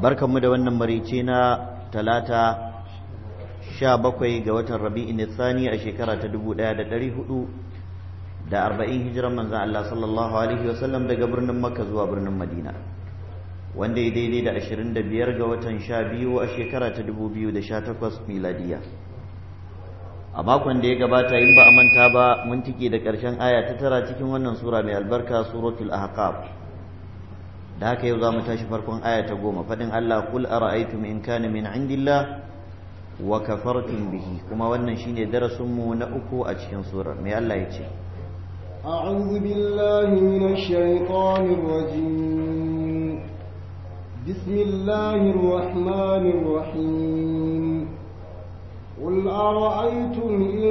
barkanmu da wannan marice na talata sha bakwai ga watan rabi'in tsani a shekara ta dubu ɗaya da dari hudu da arba'in hijiran manzan Allah sallallahu alaihi wasallam daga birnin makka zuwa birnin madina wanda ya daidai da ashirin da biyar ga watan sha biyu a shekara ta dubu biyu da sha takwas miladiya a makon da ya gabata in ba a manta ba mun tike da ƙarshen aya ta tara cikin wannan sura mai albarka suratul ahqaf da haka yau za mu tashi farkon aya ta goma faɗin Allah kul ara'aytum in kana min indillah wa kafartum bihi kuma wannan shine darasin mu na uku a cikin surar me Allah ya ce أعوذ بالله من الشيطان الرجيم bismillahir الله الرحمن الرحيم قل أرأيتم إن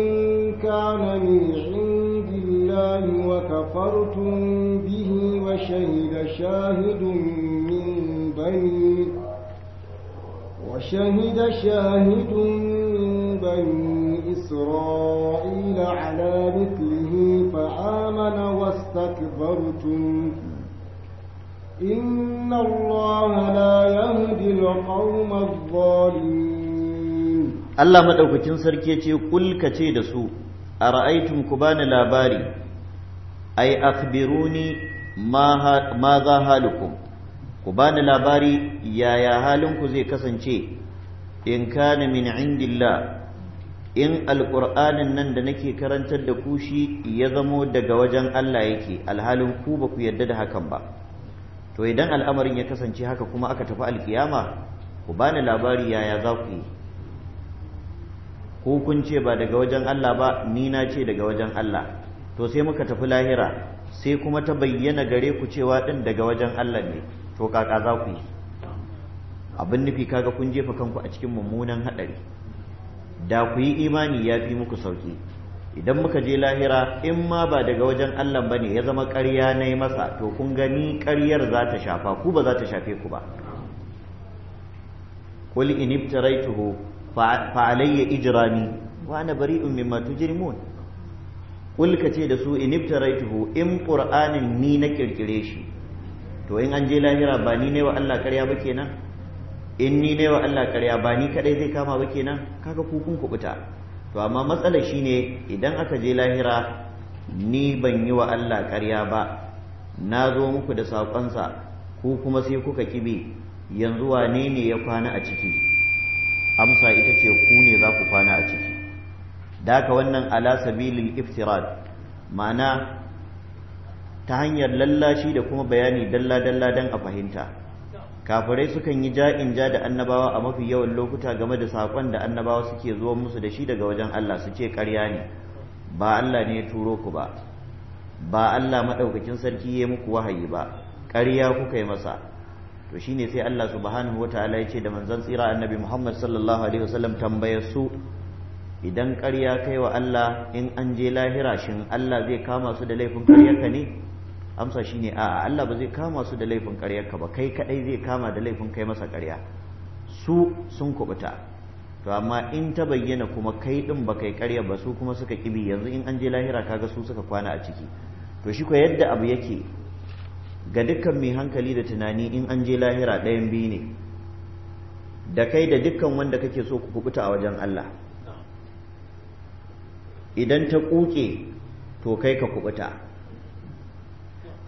كان من بالله وكفرتم به وشهد شاهد من بني وشهد شاهد من بني إسرائيل على مثله فآمن واستكبرتم إن الله لا يهدي القوم الظالمين الله مدوكتين سركيتي قل كتي دسو أرأيتم كبان لاباري ai akhbiruni ma za halukum ku bani labari yaya halinku zai kasance in kana min indillah in alƙur'anin nan da nake karantar da ku shi ya zamo daga wajen Allah yake alhalin ku ba ku yarda da hakan ba to idan al'amarin ya kasance haka kuma aka tafi alkiyama ku bani labari yaya za ku yi ku kun ce ba daga wajen Allah ba ni na ce daga wajen Allah to sai muka tafi lahira sai kuma ta bayyana gare ku cewa din daga wajen Allah ne to kaka za ku yi abin nufi kaga kun jefa kanku a cikin mummunan hadari da ku yi imani ya fi muku sauki idan muka je lahira in ma ba daga wajen Allah ba ne ya zama ƙarya na yi masa to kun gani ƙaryar za ta shafa ku ba za ta shafe ku ba Kulli in tuho fa alayya ijrami wa ana bari'un mimma tujrimun kul ce da su in in qur'anin ni na kirkire shi to in an je lahira ba ni ne wa Allah karya ba kenan in ni ne wa Allah karya ba ni kadai zai kama ba kenan kaga ku kun kubuta to amma matsalar shine idan aka je lahira ni ban yi wa Allah karya ba na zo muku da saƙonsa ku kuma sai kuka kibe yanzu wane ne ya kwana a ciki amsa ita ce ku ne za ku kwana a ciki da wannan ala sabilil iftirad ma'ana ta hanyar lallashi da kuma bayani dalla-dalla don a fahimta kafirai sukan yi ja'in ja da annabawa a mafi yawan lokuta game da saƙon da annabawa suke zuwa musu da shi daga wajen Allah su ce ƙarya ne ba Allah ne ya turo ku ba ba Allah maɗaukakin sarki ya muku wahayi ba ƙarya kuka yi masa to shine sai Allah subhanahu wataala ya ce da manzon tsira annabi Muhammad sallallahu alaihi wasallam tambayar su idan ƙarya kai wa Allah in an je lahira shin Allah zai kama su da laifin ƙaryarka ne amsa shi ne, a'a Allah ba zai kama su da laifin ƙaryarka ba kai kaɗai zai kama da laifin kai masa ƙarya su sun kubuta to amma in ta bayyana kuma kai ɗin ba kai ƙarya ba su kuma suka ƙibi yanzu in an je lahira kaga su suka kwana a ciki to shi ko yadda abu yake ga dukkan mai hankali da tunani in an je lahira ɗayan biyu ne da kai da dukkan wanda kake so ku kubuta a wajen Allah idan ta kuke to kai ka kubuta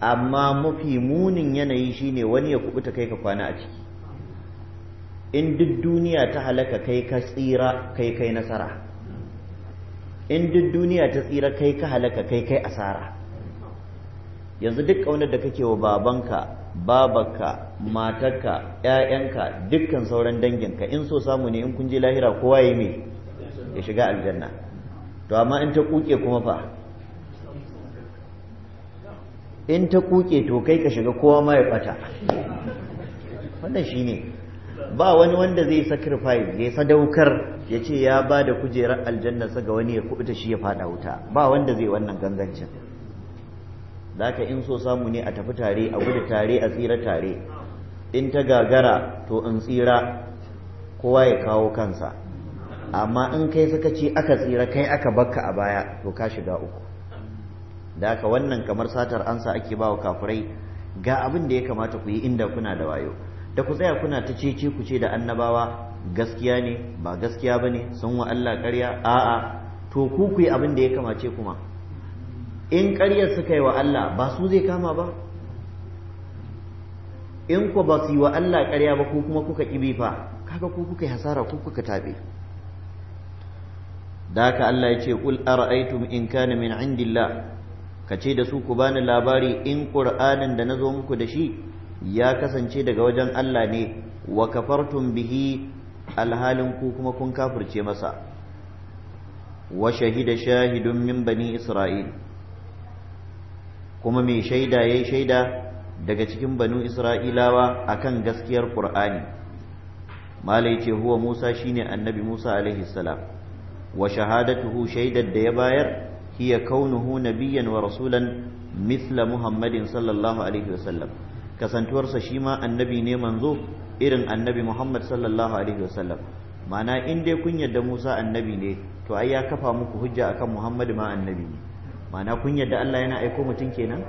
amma mafi munin yanayi shine wani ya kubuta kai ka kwana a ciki in duk duniya ta halaka kai ka tsira kai kai nasara in duk duniya ta tsira kai ka halaka kai kai asara yanzu duk ƙaunar da kake wa babanka babaka matarka ƴaƴanka dukkan sauran danginka in so samu ne in kun je lahira kowa ya me ya shiga aljanna to amma in ta kuke kuma fa in ta kuke to kai ka shiga kowa ma ya bata wannan shine ba wani wanda zai sacrifice ya sadaukar ya ce ya ba da kujerar sa ga wani ya kubuta shi ya fada wuta ba wanda zai wannan gangancin zaka in so samu ne a tafi tare a gudu tare a tsira tare in ta gagara to in tsira kowa ya kawo kansa amma in kai suka ce aka tsira kai aka bakka a baya to ka shiga uku da haka wannan kamar satar ansa ake bawa kafirai ga abin da ya kamata ku yi inda kuna da wayo da ku tsaya kuna ta cece ku ce da annabawa gaskiya ne ba gaskiya ba ne sun wa Allah ƙarya a'a to ku ku yi abin da ya kamace kuma in ƙaryar suka yi wa Allah ba su zai kama ba in ku ba su yi wa Allah ƙarya ba ku kuma kuka ƙibi fa kaga ku kuka yi hasara ku kuka taɓe da haka Allah ya ce qul ara'aytum in kana min indillah kace da su ku bani labari in qur'anin da zo muku da shi ya kasance daga wajen Allah ne wa kafartum bihi alhalin ku kuma kun kafirce masa wa shahida shahidun min bani isra'il kuma mai shaida yayi shaida daga cikin banu isra'ilawa kan gaskiyar qur'ani malai ce huwa musa shine annabi musa alaihi salam wa shahadatuhu shaidar da ya bayar hiya kaunuhu nabiyyan wa rasulan mithla muhammadin sallallahu alaihi wasallam kasantuwarsa shi ma annabi ne manzo irin annabi muhammad sallallahu alaihi wasallam ma'ana in dai kun yadda musa annabi ne to ai ya kafa muku hujja akan muhammad ma annabi ne ma'ana kun yadda allah yana aiko mutum kenan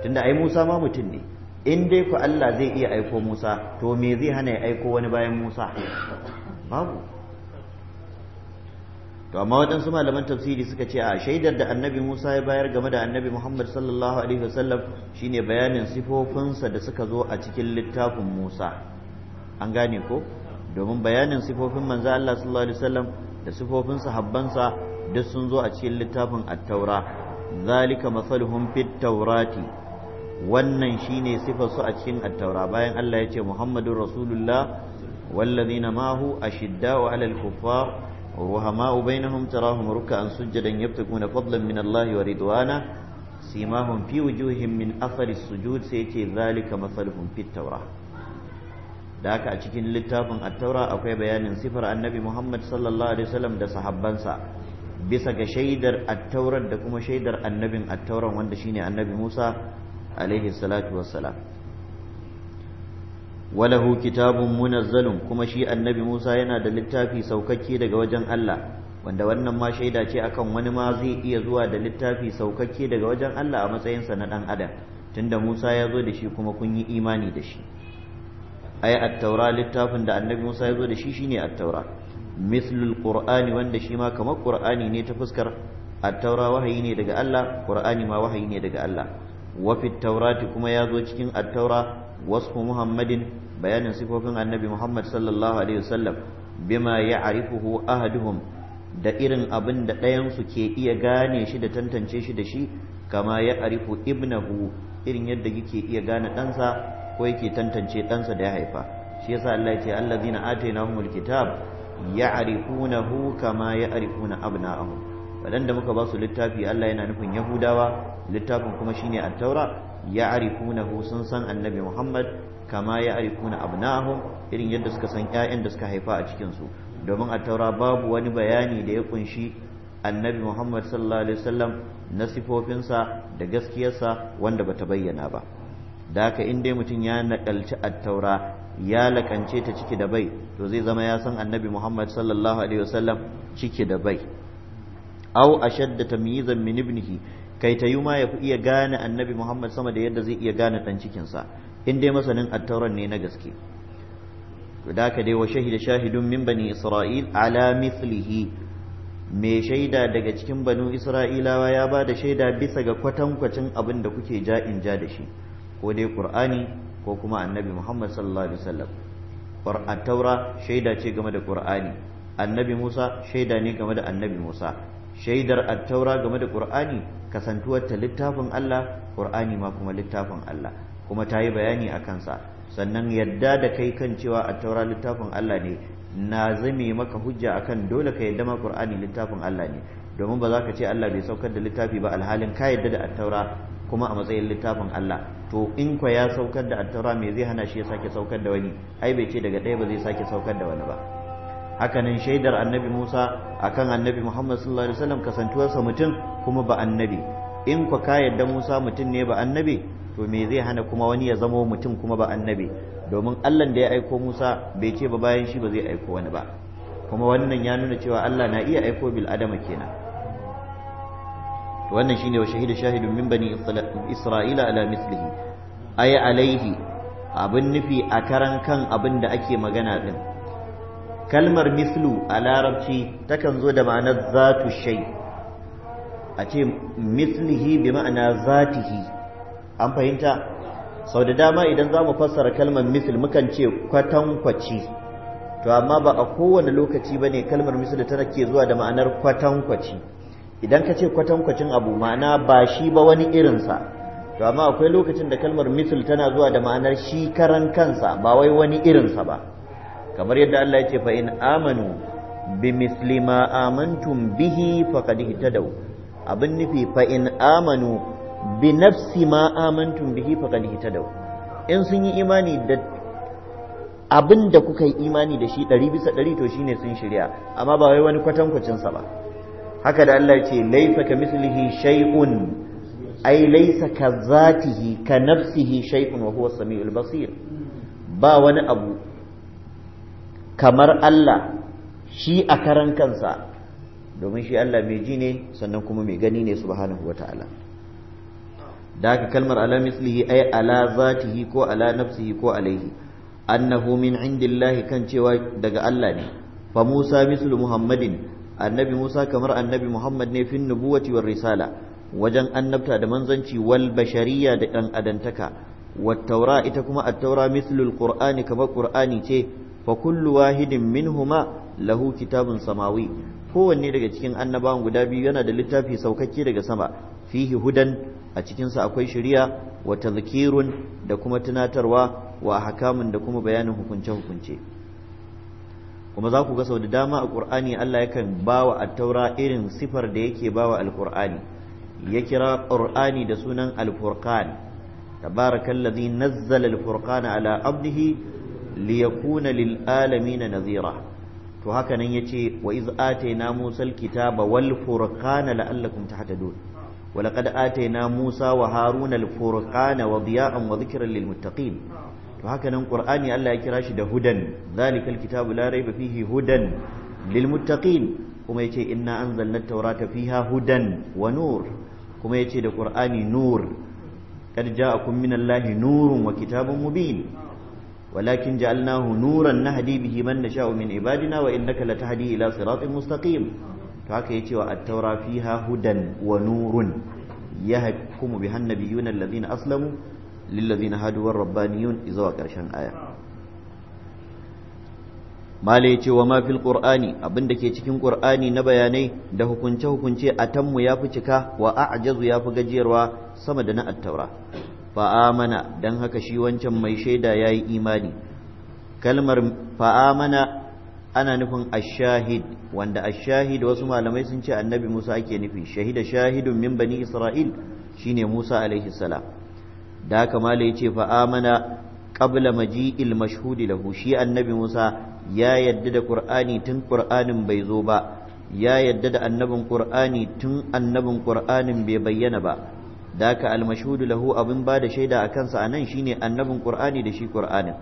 tunda ai musa ma mutum ne in dai ku allah zai iya aiko musa to me zai hana ya aiko wani bayan musa babu to amma waɗansu malaman tafsiri suka ce a shaidar da annabi Musa ya bayar game da annabi Muhammad sallallahu alaihi wasallam shine bayanin sifofinsa da suka zo a cikin littafin Musa an gane ko domin bayanin sifofin manzo Allah sallallahu alaihi wasallam da sifofin sahabbansa duk sun zo a cikin littafin Attaura. zalika masaluhum fit taurati wannan shine sifar su a cikin Attaura bayan Allah ya ce muhammadun Rasulullah والذين mahu أشداء alal kufa. ruhama'u bainahum tarahum ruk'an sujadan yabtaguna fadlan min Allah wa ridwana simahum fi wujuhihim min athari sujud sai yace zalika masaluhum fit tawrah da haka a cikin littafin at akwai bayanin sifar annabi Muhammad sallallahu alaihi wasallam da sahabbansa bisa ga shaidar at da kuma shaidar annabin at-tauran wanda shine annabi Musa alaihi salatu wassalam walahu kitabun munazzalun kuma shi annabi Musa yana da littafi saukakke daga wajen Allah wanda wannan ma shaida ce akan wani ma zai iya zuwa da littafi saukakke daga wajen Allah a matsayinsa na dan adam tunda Musa ya zo da shi kuma kun yi imani da shi ay at-taura littafin da annabi Musa ya zo da shi shine at-taura mislul qur'ani wanda shi ma kamar qur'ani ne ta fuskar at-taura wahayi ne daga Allah qur'ani ma wahayi ne daga Allah wa fit-taurati kuma ya zo cikin at-taura Wasu muhammadin bayanin sifofin annabi muhammad sallallahu alaihi wasallam bima ya'rifuhu ahaduhum da irin abinda da ɗayansu ke iya gane shi da tantance shi da shi kama ya arifu ibnahu irin yadda yake iya gane ɗansa ko yake tantance ɗansa da ya haifa shi yasa Allah ya ce allazina atainahumul kitab ya'rifunahu kama ya'rifuna abna'ahum waɗanda muka ba su littafi Allah yana nufin Yahudawa littafin kuma shine at-Taura ya'rifunahu sun san annabi Muhammad kama na abna'ahum irin yadda suka san ƴaƴan da suka haifa a cikinsu. domin a taura babu wani bayani da ya kunshi annabi Muhammad sallallahu alaihi wasallam na sifofinsa da gaskiyarsa wanda bata bayyana ba da aka in dai mutum ya nakalci attaura ya lakance ta ciki da bai to zai zama ya san annabi Muhammad sallallahu alaihi wasallam ciki da bai aw ashadda tamyizan min kai ta yi ma ya iya gane annabi muhammad sama da yadda zai iya gane ɗan cikinsa in dai masanin attauran ne na gaske da ka dai wa shahida shahidun min bani isra'il ala mithlihi mai shaida daga cikin banu isra'ilawa ya ba da shaida bisa ga kwatankwacin abin da kuke ja in ja da shi ko dai qur'ani ko kuma annabi muhammad sallallahu alaihi wasallam shaida ce game da qur'ani annabi musa shaida ne game da annabi musa shaidar attaura game da qur'ani kasantuwar ta littafin Allah ƙur'ani ma kuma littafin Allah kuma ta yi bayani a kansa sannan yadda da kai kan cewa attaura littafin Allah ne na zame maka hujja akan dole ka yadda ma qur'ani littafin Allah ne domin ba za ka ce Allah bai saukar da littafi ba alhalin ka yadda da attaura kuma a matsayin littafin Allah to in kwa ya saukar da attaura me zai hana shi ya sake saukar da wani ai bai ce daga ɗaya ba zai sake saukar da wani ba hakanan shaidar annabi Musa akan annabi Muhammad sallallahu alaihi wasallam kasantuwarsa mutum kuma ba annabi in ku ka yadda Musa mutum ne ba annabi to me zai hana kuma wani ya zama mutum kuma ba annabi domin Allah da ya aiko Musa bai ce ba bayan shi ba zai aiko wani ba kuma wannan ya nuna cewa Allah na iya aiko bil adama kenan wannan shine wa shahida shahidun min bani Isra'ila ala mislihi ay alaihi abin nufi a karan kan abin da ake magana din kalmar mislu a larabci takan zo da ma'anar zatu shai a ce mislihi bi ma'ana zatihi an fahimta sau da dama idan za mu fassara kalmar misl mukan ce kwatankwaci to amma ba a kowane lokaci ba ne kalmar misl tana ke zuwa da ma'anar kwatankwaci idan ka ce kwatankwacin abu ma'ana ba shi ba wani irinsa to amma akwai lokacin da kalmar misl tana zuwa da ma'anar shi karan kansa ba wai wani irinsa ba kamar yadda Allah ya ce fa in amanu bi misli ma amantum bihi faqad ihtadaw abin nufi fa in amanu bi nafsi ma amantum bihi faqad ihtadaw in sun yi imani da abin da kuka yi imani da shi ɗari bisa ɗari to shine sun shirya amma ba wai wani kwatankwacin sa ba haka da Allah ya ce laisa ka mislihi shay'un ai laisa ka zatihi ka nafsihi shay'un wa huwa samiul basir ba wani abu kamar Allah shi a karan kansa domin shi Allah mai ji ne sannan kuma mai gani ne subhanahu wa ta'ala da aka kalmar ala mislihi ay ala zatihi ko ala nafsihi ko alaihi annahu min indillahi kan cewa daga Allah ne fa Musa mislu Muhammadin annabi Musa kamar annabi Muhammad ne fin nubuwati war risala wajen annabta da manzanci wal bashariya da dan adantaka wat taura ita kuma at taura mislu al qur'ani kamar qur'ani ce fa kullu wahidin minhuma lahu kitabun samawi kowanne daga cikin annabawan guda biyu yana da littafi saukakke daga sama fihi hudan a cikinsa akwai shari'a wa tazkirun da kuma tunatarwa wa hakamun da kuma bayanin hukunce hukunce kuma za ku ga sau da dama a qur'ani Allah yakan bawa at-taura irin sifar da yake bawa al-qur'ani ya kira Ƙur'ani da sunan al-furqan tabarakallazi nazzala al-furqana ala abdihi liyakuna lil na nazira to haka nan yace wa iz na musa kitaba wal furqana la'allakum tahtadun wa laqad atayna musa wa haruna al furqana wa diya'an wa dhikran lil muttaqin to haka nan qur'ani Allah ya kira shi da hudan zalikal kitabu la rayba fihi hudan lil muttaqin kuma yace inna anzalna at fiha hudan wa nur kuma yace da qur'ani nur kad ja'akum min Allahi nurun wa kitabun mubin walakin ja'alnahu nuran nahdi bihi man nasha'u min ibadina wa innaka latahdi ila siratin mustaqim to haka yace wa at-taura fiha hudan wa nurun yahkumu bihan nabiyuna alladhina aslamu lilladhina hadu war rabbaniyun izawa karshen aya Male ya ce wa mafil qur'ani abin da ke cikin qur'ani na bayanai da hukunce hukunce a yafi ya fi cika wa a'jazu ya fi gajiyarwa sama da na attaura fa'amana don haka shi wancan mai shaida ya yi imani kalmar fa'amana ana nufin ashahid wanda ashahid wasu malamai sun ce annabi musa ake nufi shahida shahidun min bani isra'il shine musa alaihi salam da kamala mala ya ce fa'amana qabla maji'il mashhudi da shi annabi musa ya yadda da ƙur'ani tun ƙur'anin bai zo ba ya yadda da annabin ƙur'ani tun annabin ƙur'anin bai bayyana ba daka ka almashhudu lahu abin ba da shaida a kansa anan shine annabin qur'ani da shi qur'anin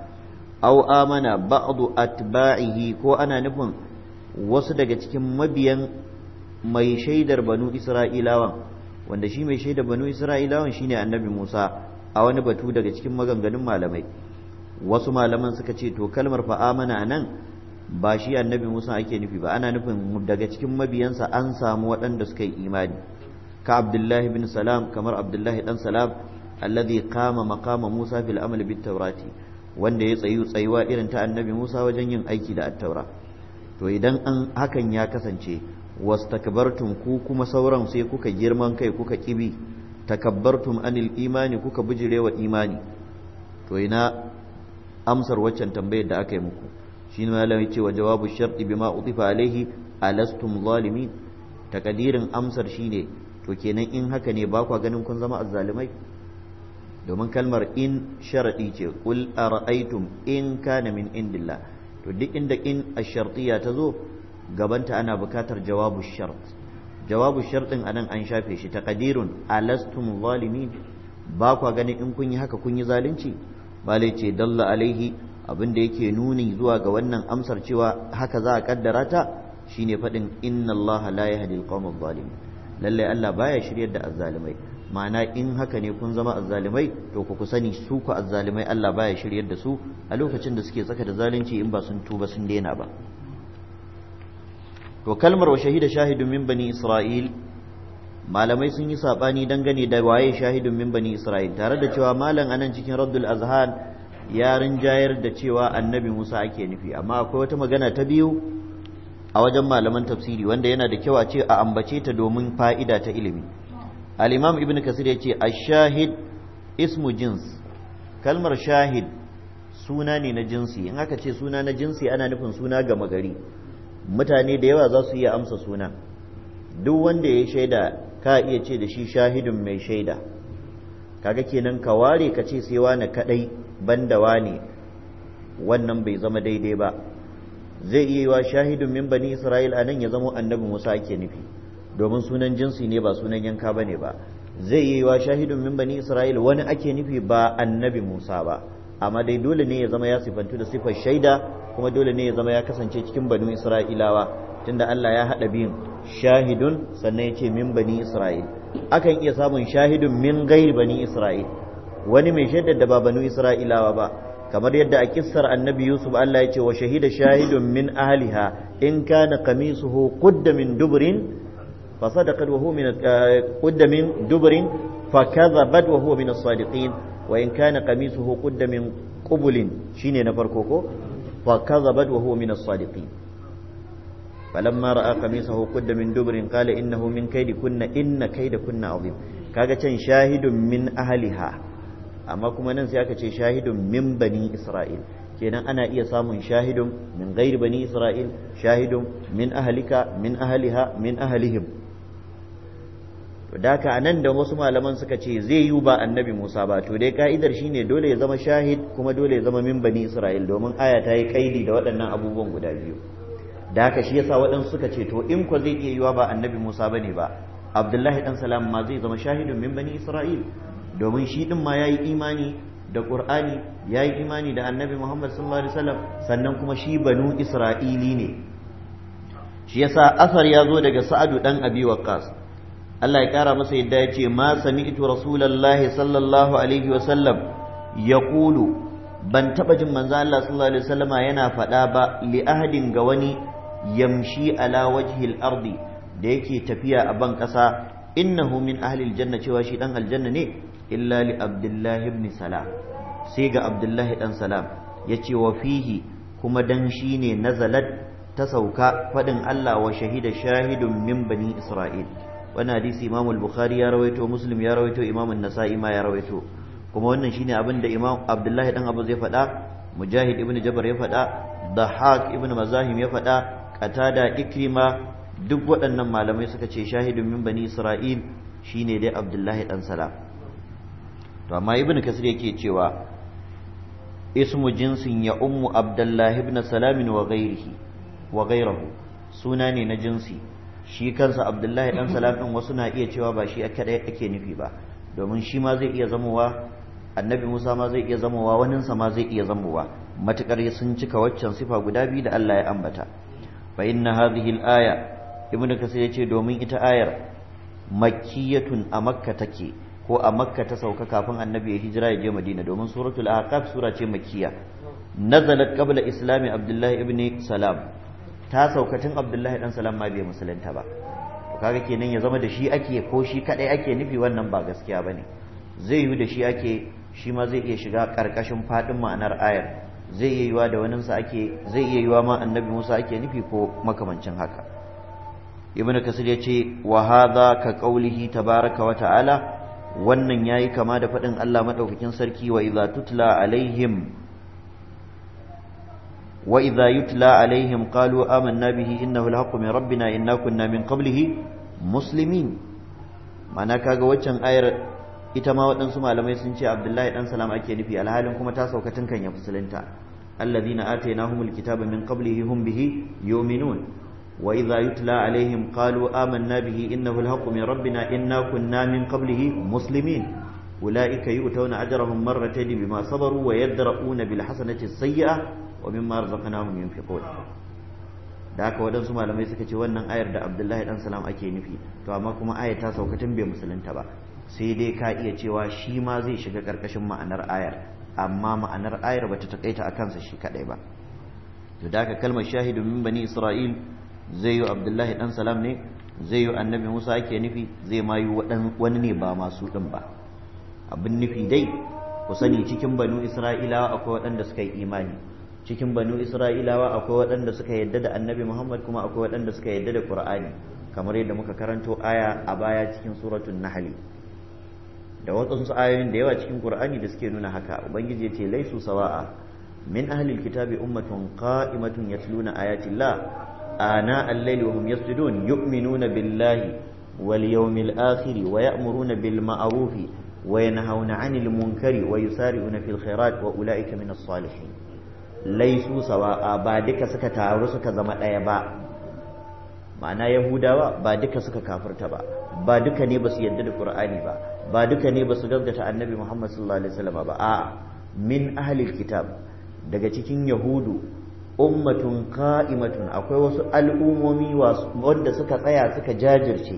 aw amana ba'du atba'ihi ko ana nufin wasu daga cikin mabiyan mai shaidar banu isra'ilawan wanda shi mai shaidar banu isra'ilawan shine annabi musa a wani batu daga cikin maganganun malamai wasu malaman suka ce to kalmar fa amana nan ba shi annabi musa ake nufi ba ana nufin daga cikin mabiyansa an samu waɗanda suka yi imani ka abdullahi bin salam kamar abdullahi ɗan salam alladhi kama maqama musa fil amal bit tawrati wanda ya tsayu tsayuwa irin ta annabi musa wajen yin aiki da attaura to idan an hakan ya kasance wastakbartum ku kuma sauran sai kuka girman kai kuka kibi takabbartum anil imani kuka bijirewa imani to ina amsar waccan tambayar da aka yi muku shi ne malam ce wa jawabu sharti bima utifa alaihi alastum zalimin takadirin amsar shine to kenan in haka ne ba kwa ganin kun zama azzalumai domin kalmar in sharadi ce qul ara'aytum in kana min indillah to duk inda in ash-shartiyya ta zo gabanta ana bukatar jawabu shart jawabu shartin anan an shafe shi taqdirun alastum zalimin ba kwa ganin in kun yi haka kun yi zalunci bale ce dalla alaihi abin da yake nuni zuwa ga wannan amsar cewa haka za a kaddara ta shine faɗin inna allaha la yahdi al-qawma adh-dhalimin lalle Allah baya shiryar da azzalumai, ma'ana in haka ne kun zama azzalumai, to ku sani su ku azzalimai Allah baya shiryar da su a lokacin da suke tsaka da zalunci in ba sun tuba sun daina ba to kalmar wa shahida shahidun min bani isra'il malamai sun yi sabani dangane da waye shahidun min bani isra'il tare da cewa malam anan cikin raddul azhan ya rinjayar da cewa annabi musa ake nufi amma akwai wata magana ta biyu a wajen malaman tafsiri wanda yana da kyau a ce a ambace ta domin fa'ida ta ilimi Alimam ibn kasir ya ce a shahid ismu jins kalmar shahid suna ne na jinsi in aka ce suna na jinsi ana nufin suna ga magari mutane da yawa za su iya amsa suna duk wanda ya shaida ka iya ce da shi shahidin mai shaida kaga kenan ka ware ka ce sai wani kadai banda wane wannan bai zama daidai ba zai iya yi wa shahidun min bani isra'il a nan ya zama annabi musa ake nufi domin sunan jinsi ne ba sunan yanka ba ne ba zai iya yi wa shahidun min bani isra'il wani ake nufi ba annabi musa ba amma dai dole ne ya zama ya sifantu da sifar shaida kuma dole ne ya zama ya kasance cikin banu isra'ilawa tunda allah ya haɗa biyun shahidun sannan ya ce min bani isra'il akan iya samun shahidun min gairi bani isra'il wani mai shaidar da ba banu isra'ilawa ba kamar yadda a kissar annabi yusuf Allah ya ce wa shahida shahidun min ahliha in kana qamisuhu qudda min dubrin fa sadaqat wa huwa min eh, qudda min dubrin fa kadhabat wa huwa min as-sadiqin wa in kana qamisuhu qudda min qubulin shine na farko ko fa kadhabat wa huwa min as-sadiqin falamma ra'a qamisuhu qudda min dubrin qala innahu min kaydikunna inna kaydakunna azim kaga can shahidun min ahliha amma kuma nan sai aka ce shahidun min bani isra'il kenan ana iya samun shahidun min gairi bani isra'il shahidun min ahalika min ahaliha min ahalihim to a nan da wasu malaman suka ce zai yi ba annabi Musa ba to dai ka'idar shine dole ya zama shahid kuma dole ya zama min bani isra'il domin aya ta yi kaidi da waɗannan abubuwan guda biyu da shi yasa waɗansu suka ce to in ko zai iya yiwa ba annabi Musa bane ba Abdullahi dan Salam ma zai zama shahidun min bani Isra'il domin shi din ma yayi imani da Qur'ani yayi imani da Annabi Muhammad sallallahu alaihi wasallam sannan kuma shi banu Isra'ili ne shi yasa asar ya zo daga Sa'adu dan Abi Waqqas Allah ya kara masa yadda ya ce ma sami'tu rasulullahi sallallahu alaihi wasallam yaqulu ban taba jin manzo Allah sallallahu alaihi wasallama yana faɗa ba li ahadin ga wani yamshi ala wajhil ardi da yake tafiya a ban ƙasa innahu min ahlil janna cewa shi dan aljanna ne illa li abdullahi ibn salam sai ga abdullahi dan salam yace wa fihi kuma dan shine nazalat ta sauka fadin Allah wa shahida shahidun min bani isra'il wannan hadisi imamu al-bukhari ya rawaito muslim ya rawaito imamu an-nasa'i ma ya rawaito kuma wannan shine abin da imam abdullahi dan abu zai faɗa mujahid ibn jabr ya faɗa dahak ibn mazahim ya faɗa qatada ikrima duk waɗannan malamai suka ce shahidun min bani isra'il shine dai abdullahi dan salam to amma ibnu kasir yake cewa ismu jinsin ya ummu abdullahi ibn salamin wa ghairihi wa ghairahu suna ne na jinsi shi kansa abdullahi dan salam din wasu na iya cewa ba shi dai ake nufi ba domin shi ma zai iya zamowa annabi musa ma zai iya zamowa sa ma zai iya zamowa matukar sun cika waccan sifa guda biyu da Allah ya ambata fa inna hadhihi al-aya ibnu kasir yace domin ita ayar makkiyatun a makka take ko a makka ta sauka kafin annabi ya hijira ya je madina domin suratul ahqaf sura ce makkiya nazalat qabla islami abdullahi ibn salam ta sauka tun abdullahi dan salam ma bai musulunta ba to kaga kenan ya zama da shi ake ko shi kadai ake nufi wannan ba gaskiya bane zai yi da shi ake shi ma zai iya shiga karkashin fadin ma'anar ayar zai iya yiwa da waninsa ake zai iya yiwa ma annabi musa ake nufi ko makamancin haka ibnu kasir ya ce wa hadha ka qawlihi tabaraka wa ta'ala wannan yayi kama da faɗin Allah madaukakin sarki wa idza tutla alaihim wa idza yutla alaihim qalu amanna bihi innahu alhaqqu min rabbina inna kunna min qablihi muslimin mana kaga waccan ayar ita ma waɗansu malamai sun ce Abdullahi dan Salam ake nufi alhalin kuma ta sauka tun kan ya fusulunta alladhina atainahumul kitaba min qablihi hum bihi yu'minun وإذا يتلى عليهم قالوا آمنا به إنه الحق من ربنا إنا كنا من قبله مسلمين أولئك يؤتون أجرهم مرتين بما صبروا ويدرؤون بالحسنة السيئة ومما رزقناهم ينفقون da haka waɗansu malamai suka ce wannan ayar da abdullahi dan salam ake nufi to amma kuma ayar ta saukacin bai musulunta ba sai dai ka iya cewa shi ma zai shiga ƙarƙashin ma'anar ayar amma ma'anar ayar ba ta taƙaita a kansa shi kaɗai ba to da haka kalmar shahidu min bani isra'il zai yi abdullahi dan salam ne zai yi annabi musa ake nufi zai ma yi wani ne ba masu ɗin ba abin nufi dai ku sani cikin banu isra'ilawa akwai waɗanda suka yi imani cikin banu isra'ilawa akwai waɗanda suka yadda da annabi muhammad kuma akwai waɗanda suka yadda da qur'ani kamar yadda muka karanto aya a baya cikin suratun nahali da waɗansu ayoyin da yawa cikin qur'ani da suke nuna haka ubangiji ya ce laisu sawa'a min ahlil kitabi ummatun qa'imatun yatluna ayati llah آناء الليل وهم يسجدون يؤمنون بالله واليوم الآخر ويأمرون بالمعروف وينهون عن المنكر ويسارعون في الخيرات وأولئك من الصالحين ليسوا سواء بعدك سكتارو سكزما أيبا ma'ana yahudawa ba duka suka kafirta ba ba duka ne ba su yarda da qur'ani ba ba duka ne ba su gaggata annabi muhammad sallallahu alaihi wasallam ba a'a min ahlil kitab daga cikin yahudu ummatun ka'imatun akwai wasu al'umomi wanda suka tsaya suka jajirce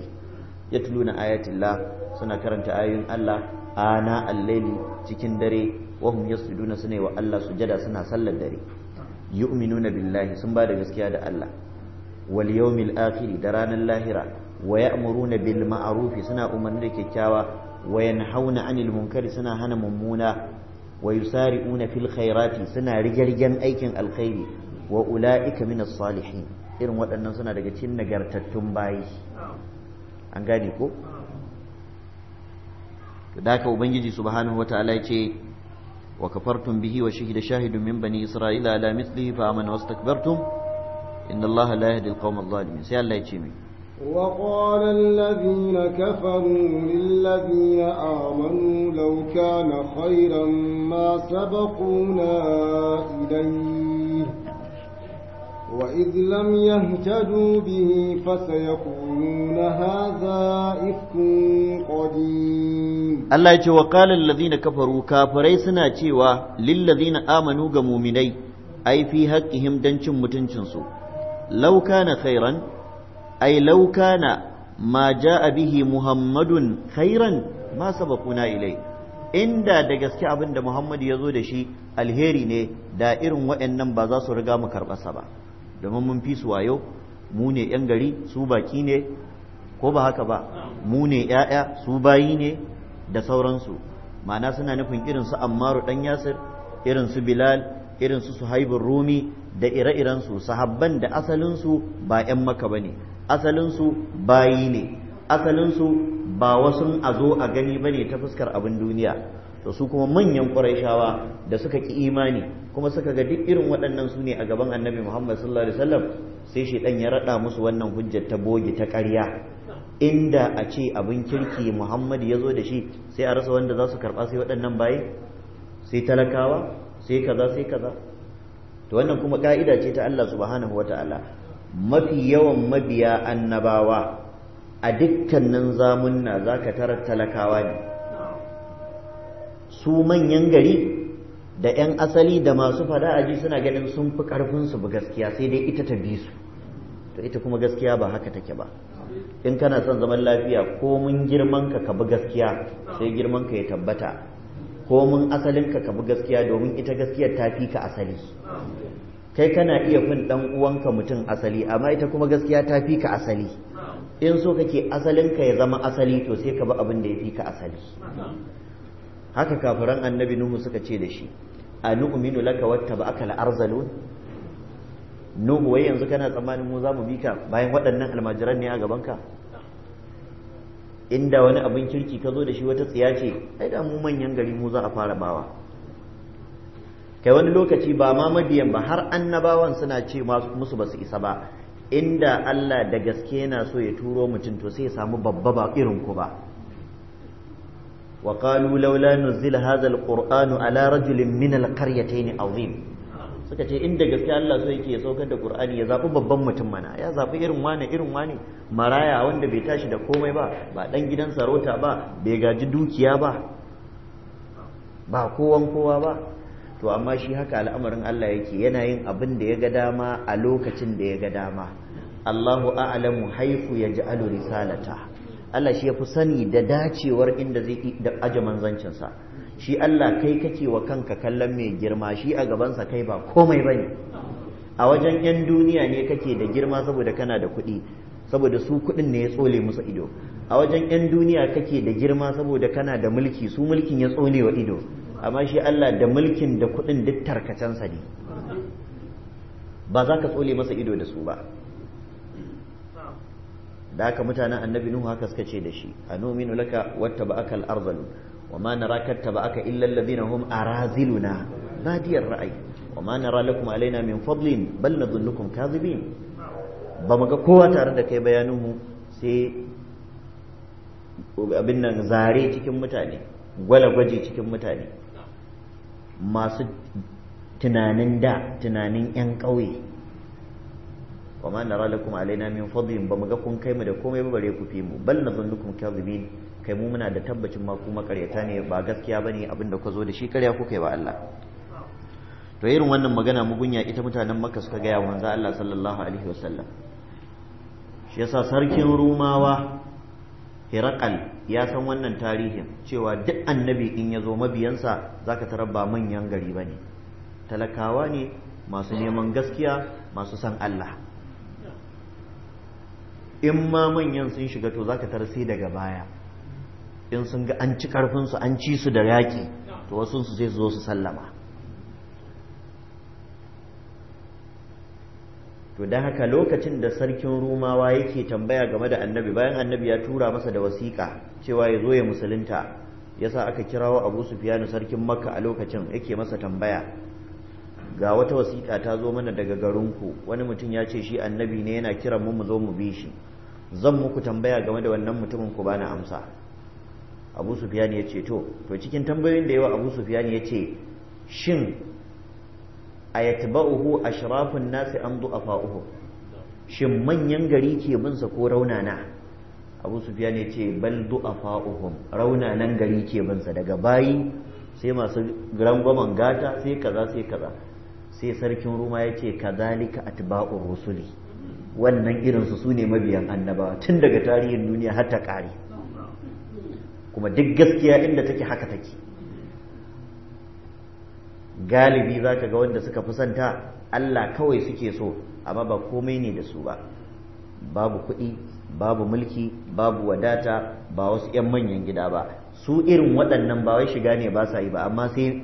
ya tuluna ayatillah suna karanta ayoyin Allah ana allaili cikin dare wa hum yasjuduna suna wa Allah sujada suna sallar dare yu'minuna billahi sun ba da gaskiya da Allah wal yawmil akhir da ranar lahira wa ya'muruna bil ma'ruf suna umarni da kyakkyawa wa yanhauna 'anil munkari suna hana mummuna wa yusari'una fil khairati suna rigirgen aikin alkhairi wa ula'ika minas salihin irin waɗannan suna daga cikin nagartattun bayi an gane ko da haka ubangiji subhanahu wataala ya ce wa kafartun bihi wa shahida shahidun min bani isra'ila ala mithlihi fa amana wastakbartum inna allaha la yahdi alqawma adh-dhalimin sai Allah ya ce mai وقال الذين كفروا للذين آمنوا لو كان خيرا ما سبقونا إليه وإذ لم يهتدوا به فسيقولون هذا إفك قديم الله يقول وقال الذين كفروا كافري سنا تيوا للذين آمنوا قمومني أي في حقهم دنشم متنشنسو لو كان خيرا أي لو كان ما جاء به محمد خيرا ما سبقنا إليه inda da gaske abin da Muhammad ya zo da shi alheri ne da irin waɗannan ba za su riga mu karɓarsa ba domin mun fi su wayo mu ne yan gari su baki ne ko ba haka ba mu ne yaya su bayi ne da sauransu ma'ana suna nufin irin su ammaru ɗan yasir irin su bilal irin su suhaibun rumi da ire-irensu sahabban da asalinsu ba 'yan maka ba ne asalinsu bayi ne asalinsu ba wasu a zo a gani ba ne ta fuskar abin duniya to su kuma manyan ƙurayshawa da suka ƙi imani kuma suka ga duk irin waɗannan su ne a gaban annabi muhammad sallallahu alaihi wasallam sai shaidan ya raɗa musu wannan hujjar ta bogi ta ƙarya inda a ce abin kirki muhammad ya zo da shi sai a rasa wanda za su karɓa sai waɗannan baye sai talakawa sai kaza sai kaza to wannan kuma ƙa'ida ce ta allah subhanahu wa ta'ala mafi yawan mabiya annabawa a dukkanin zamunna za ka tara talakawa ne su manyan gari da 'yan asali da masu fada aji suna ganin sun fi ƙarfinsu ba gaskiya sai dai ita ta bi su to ita kuma gaskiya ba haka take ba in kana son zaman lafiya ko mun girman ka ka bi gaskiya sai girman ka ya tabbata ko mun asalin ka ka bi gaskiya domin ita gaskiyar ta fi ka asali kai kana iya fin dan uwanka mutum asali amma ita kuma gaskiya ta fi ka asali in so kake asalin ka ya zama asali to sai ka bi abin da ya fi ka asali haka kafiran annabi nuhu suka ce da shi a nu'minu laka ba aka arzalun nuhu wai yanzu kana tsammanin mu za mu bi ka bayan waɗannan almajiran ne a gaban ka inda wani abin kirki ka zo da shi wata tsiya ce ai da mu manyan gari mu za a fara bawa kai wani lokaci ba ma mabiyan ba har annabawan suna ce musu ba su isa ba inda Allah da gaske yana so ya turo mutum to sai ya samu babba ba irin ku ba وقالوا لولا نزل هذا القران على رجل من القريتين عظيم suka ce inda gaske Allah so yake ya saukar da Qur'ani ya zafi babban mutum mana ya zafi irin wane irin wane maraya wanda bai tashi da komai ba ba dan gidan sarauta ba bai gaji dukiya ba ba kowan kowa ba to amma shi haka al'amarin Allah yake yana yin abin da ya ga dama a lokacin da ya ga dama Allahu a'lamu haifu yaj'alu risalata Allah shi ya fi sani da dacewar inda zai da aje manzancinsa shi Allah kai kake wa kanka kallon mai girma shi a gabansa kai ba komai bane a wajen 'yan duniya ne kake da girma saboda kana da kuɗi saboda su kuɗin ne ya tsole musu ido a wajen 'yan duniya kake da girma saboda kana da mulki su mulkin ya tsole wa ido amma shi Allah da mulkin da kuɗin duk tarkacensa ne ba za ka tsole masa ido da su ba da haka mutanen annabi nuhu haka suka ce da shi anu'minu laka wattaba'aka al-arzalu wama naraka taba'aka illa alladhina hum araziluna badiyar ra'ayi wama nara lakum alaina min fadlin bal nadhunnukum kadhibin ba mu ga kowa tare da kai bayaninmu sai abin nan zare cikin mutane gwaje cikin mutane masu tunanin da tunanin 'yan ƙauye wa ma nara lakum alaina min fadlin ba mu ga kun kai mu da komai ba bare ku fi mu bal nadhunnukum kadhibin kai mu muna da tabbacin ma kuma makaryata ne ba gaskiya bane abinda ku zo da shi karya ku kai wa Allah to irin wannan magana mugunya ita mutanen Makka suka ga ya manzo Allah sallallahu alaihi shi yasa sarkin Rumawa Hirakal ya san wannan tarihin cewa duk annabi in ya zo mabiyansa za ka tarar manyan gari ba ne talakawa ne masu neman gaskiya masu san Allah in ma manyan sun shiga to zaka tara sai daga baya in sun ga an ci karfin su an ci su da yaƙi to wasu su sai su zo su sallama to dan haka lokacin da sarkin rumawa yake tambaya game da annabi bayan annabi ya tura masa da wasiƙa cewa ya zo ya musulunta yasa aka kirawo abu sufiyanu sarkin makka a lokacin yake masa tambaya ga wata wasiƙa ta zo mana daga garinku wani mutum ya ce shi annabi ne yana kiran mu mu zo mu bi shi zan muku tambaya game da wannan mutumin ku bani amsa abu sufyan ya ce to to cikin tambayoyin da yawa abu sufyan ya ce shin ayatba'uhu ashrafun nasi an du'afa'uhu shin manyan gari ke bin sa ko raunana abu sufyan ya ce bal du'afa'uhum raunanan gari ke bin sa daga bayi sai masu rangwamen gata sai kaza sai kaza sai sarkin ruma ya ce ka a tuba'un rusuli wannan irinsu su ne mabiyan annabawa tun daga tarihin duniya har ta ƙare kuma duk gaskiya inda take haka take galibi za ka ga wanda suka fi santa allah kawai suke so amma ba komai ne da su ba babu kuɗi babu mulki babu wadata ba wasu 'yan manyan gida ba su irin waɗannan ba wai shiga ne ba sa yi ba amma sai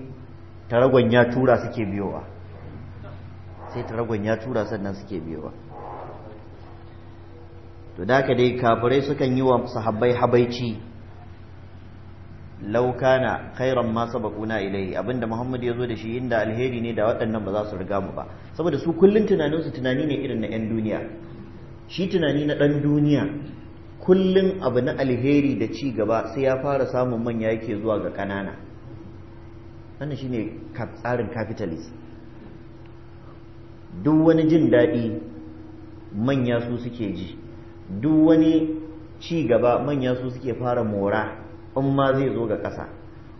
taragon ya tura suke biyowa sai taragon ya tura sannan suke biyowa to da ka dai kafirai sukan yi wa sahabbai habaici laukana khairan ma sabakuna ilaihi abinda muhammad ya zo da shi inda alheri ne da waɗannan ba za su riga mu ba saboda su kullum tunaninsu tunani ne irin na 'yan duniya shi tunani na ɗan duniya kullum abu na alheri da ci gaba sai ya fara samun manya yake zuwa ga ƙanana wannan shine tsarin capitalism duk wani jin daɗi manya su suke ji duk wani ci gaba manya su suke fara mora in ma zai zo ga ƙasa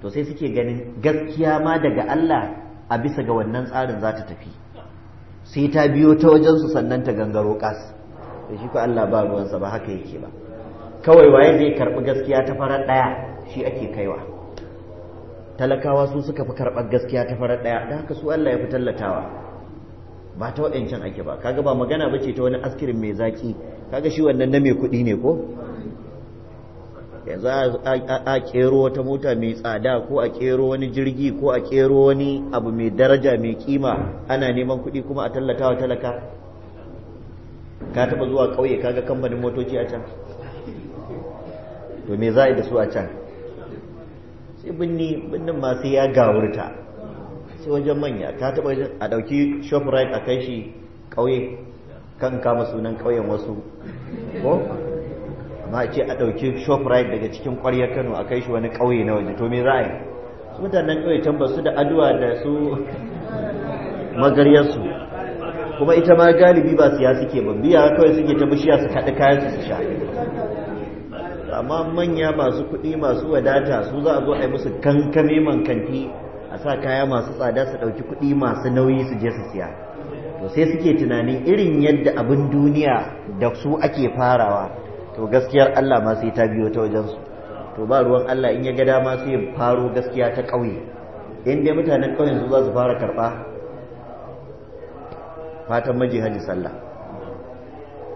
to sai suke ganin gaskiya ma daga Allah a bisa ga wannan tsarin za ta tafi sai ta biyo ta wajen su sannan ta gangaro ƙas da shi ko Allah ba ruwansa ba haka yake ba kawai waye zai karɓi gaskiya ta farar ɗaya shi ake kaiwa talakawa su suka fi karɓar gaskiya ta farar ɗaya da haka su Allah ya fi tallatawa ba ta waɗancan ake ba kaga ba magana ba ce ta wani askirin mai zaki kaga shi wannan na mai kuɗi ne ko yanzu a kero wata mota mai tsada ko a kero wani jirgi ko a kero wani abu mai daraja mai kima ana neman kuɗi kuma a tallata wa talaka ka taɓa zuwa ƙauye kaga kamfanin motoci a can to me za a yi da su a can sai binni binnin masu ya gawurta sai wajen manya ta taba a dauki right a kai shi kauye kan kama sunan kauyen wasu ko amma ce a dauki right daga cikin kwaryar Kano a kai shi wani kauye na waje to me za a yi mutanen kauye can ba su da aduwa da su magariyar su kuma ita ma galibi ba siya suke ba biya kawai suke ta bishiya su kaɗi kayan su sha amma manya masu kuɗi masu wadata su za a zo a yi musu kankame man kanti a sa kaya masu tsada su ɗauki kuɗi masu nauyi su je su siya to sai suke tunanin irin yadda abin duniya da su ake farawa to gaskiyar Allah ma sai ta biyo ta wajensu to ba ruwan Allah in ya ga dama sai ya faro gaskiya ta ƙauye in dai mutanen ƙauyen su za su fara karɓa fatan maji hajji sallah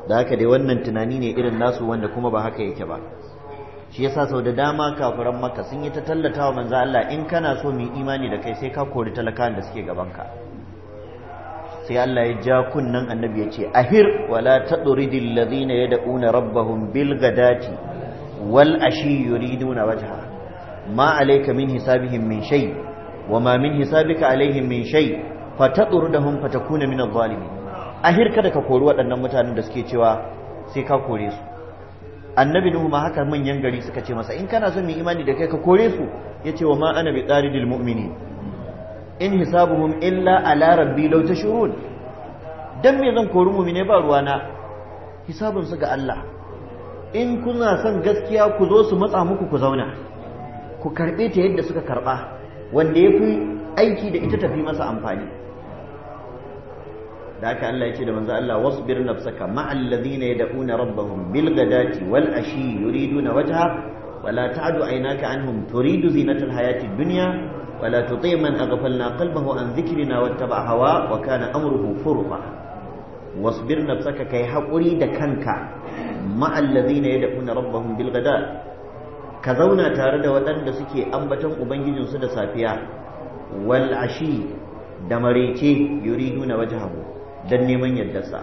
da haka dai wannan tunani ne irin nasu wanda kuma ba haka yake ba shi yasa sau da dama kafiran maka sun yi ta tallata wa manzo Allah in kana so mu imani da kai sai ka kori talakan da suke gaban ka sai Allah ya ja kunnan annabi ya ce ahir wala tadridil ladina yad'una rabbahum bil gadati wal ashi yuriduna wajha ma alayka min hisabihim min shay wama min hisabika alayhim min shay fatadrudahum fatakuna min adh-dhalimin ahir kada ka kori waɗannan mutanen da suke cewa sai ka kore su annabi nuhu ma haka manyan gari suka ce masa in kana son mu imani da kai ka kore su yace wa ma ana bi da mu'minin in hisabuhum illa ala rabbi law tashurun dan me zan kori mu'mine ba ruwana hisabun su ga Allah in kuna son gaskiya ku zo su matsa muku ku zauna ku karbe ta yadda suka karba wanda ya fi aiki da ita tafi masa amfani da haka Allah ya ce da manzo Allah wasbir nafsaka ma'al ladina yad'una rabbahum bil ghadati wal ashi yuriduna wajha wala ta'du aynaka anhum turidu zinatal hayati dunya wala tuti man aghfalna qalbahu an dhikrina wattaba hawa wa kana amruhu furqa wasbir nafsaka kai hakuri da kanka ma'al ladina yad'una rabbahum bil ghadati ka zauna tare da waɗanda suke ambaton ubangijinsu da safiya wal ashi da marece yuriduna wajhahu dan neman yardarsa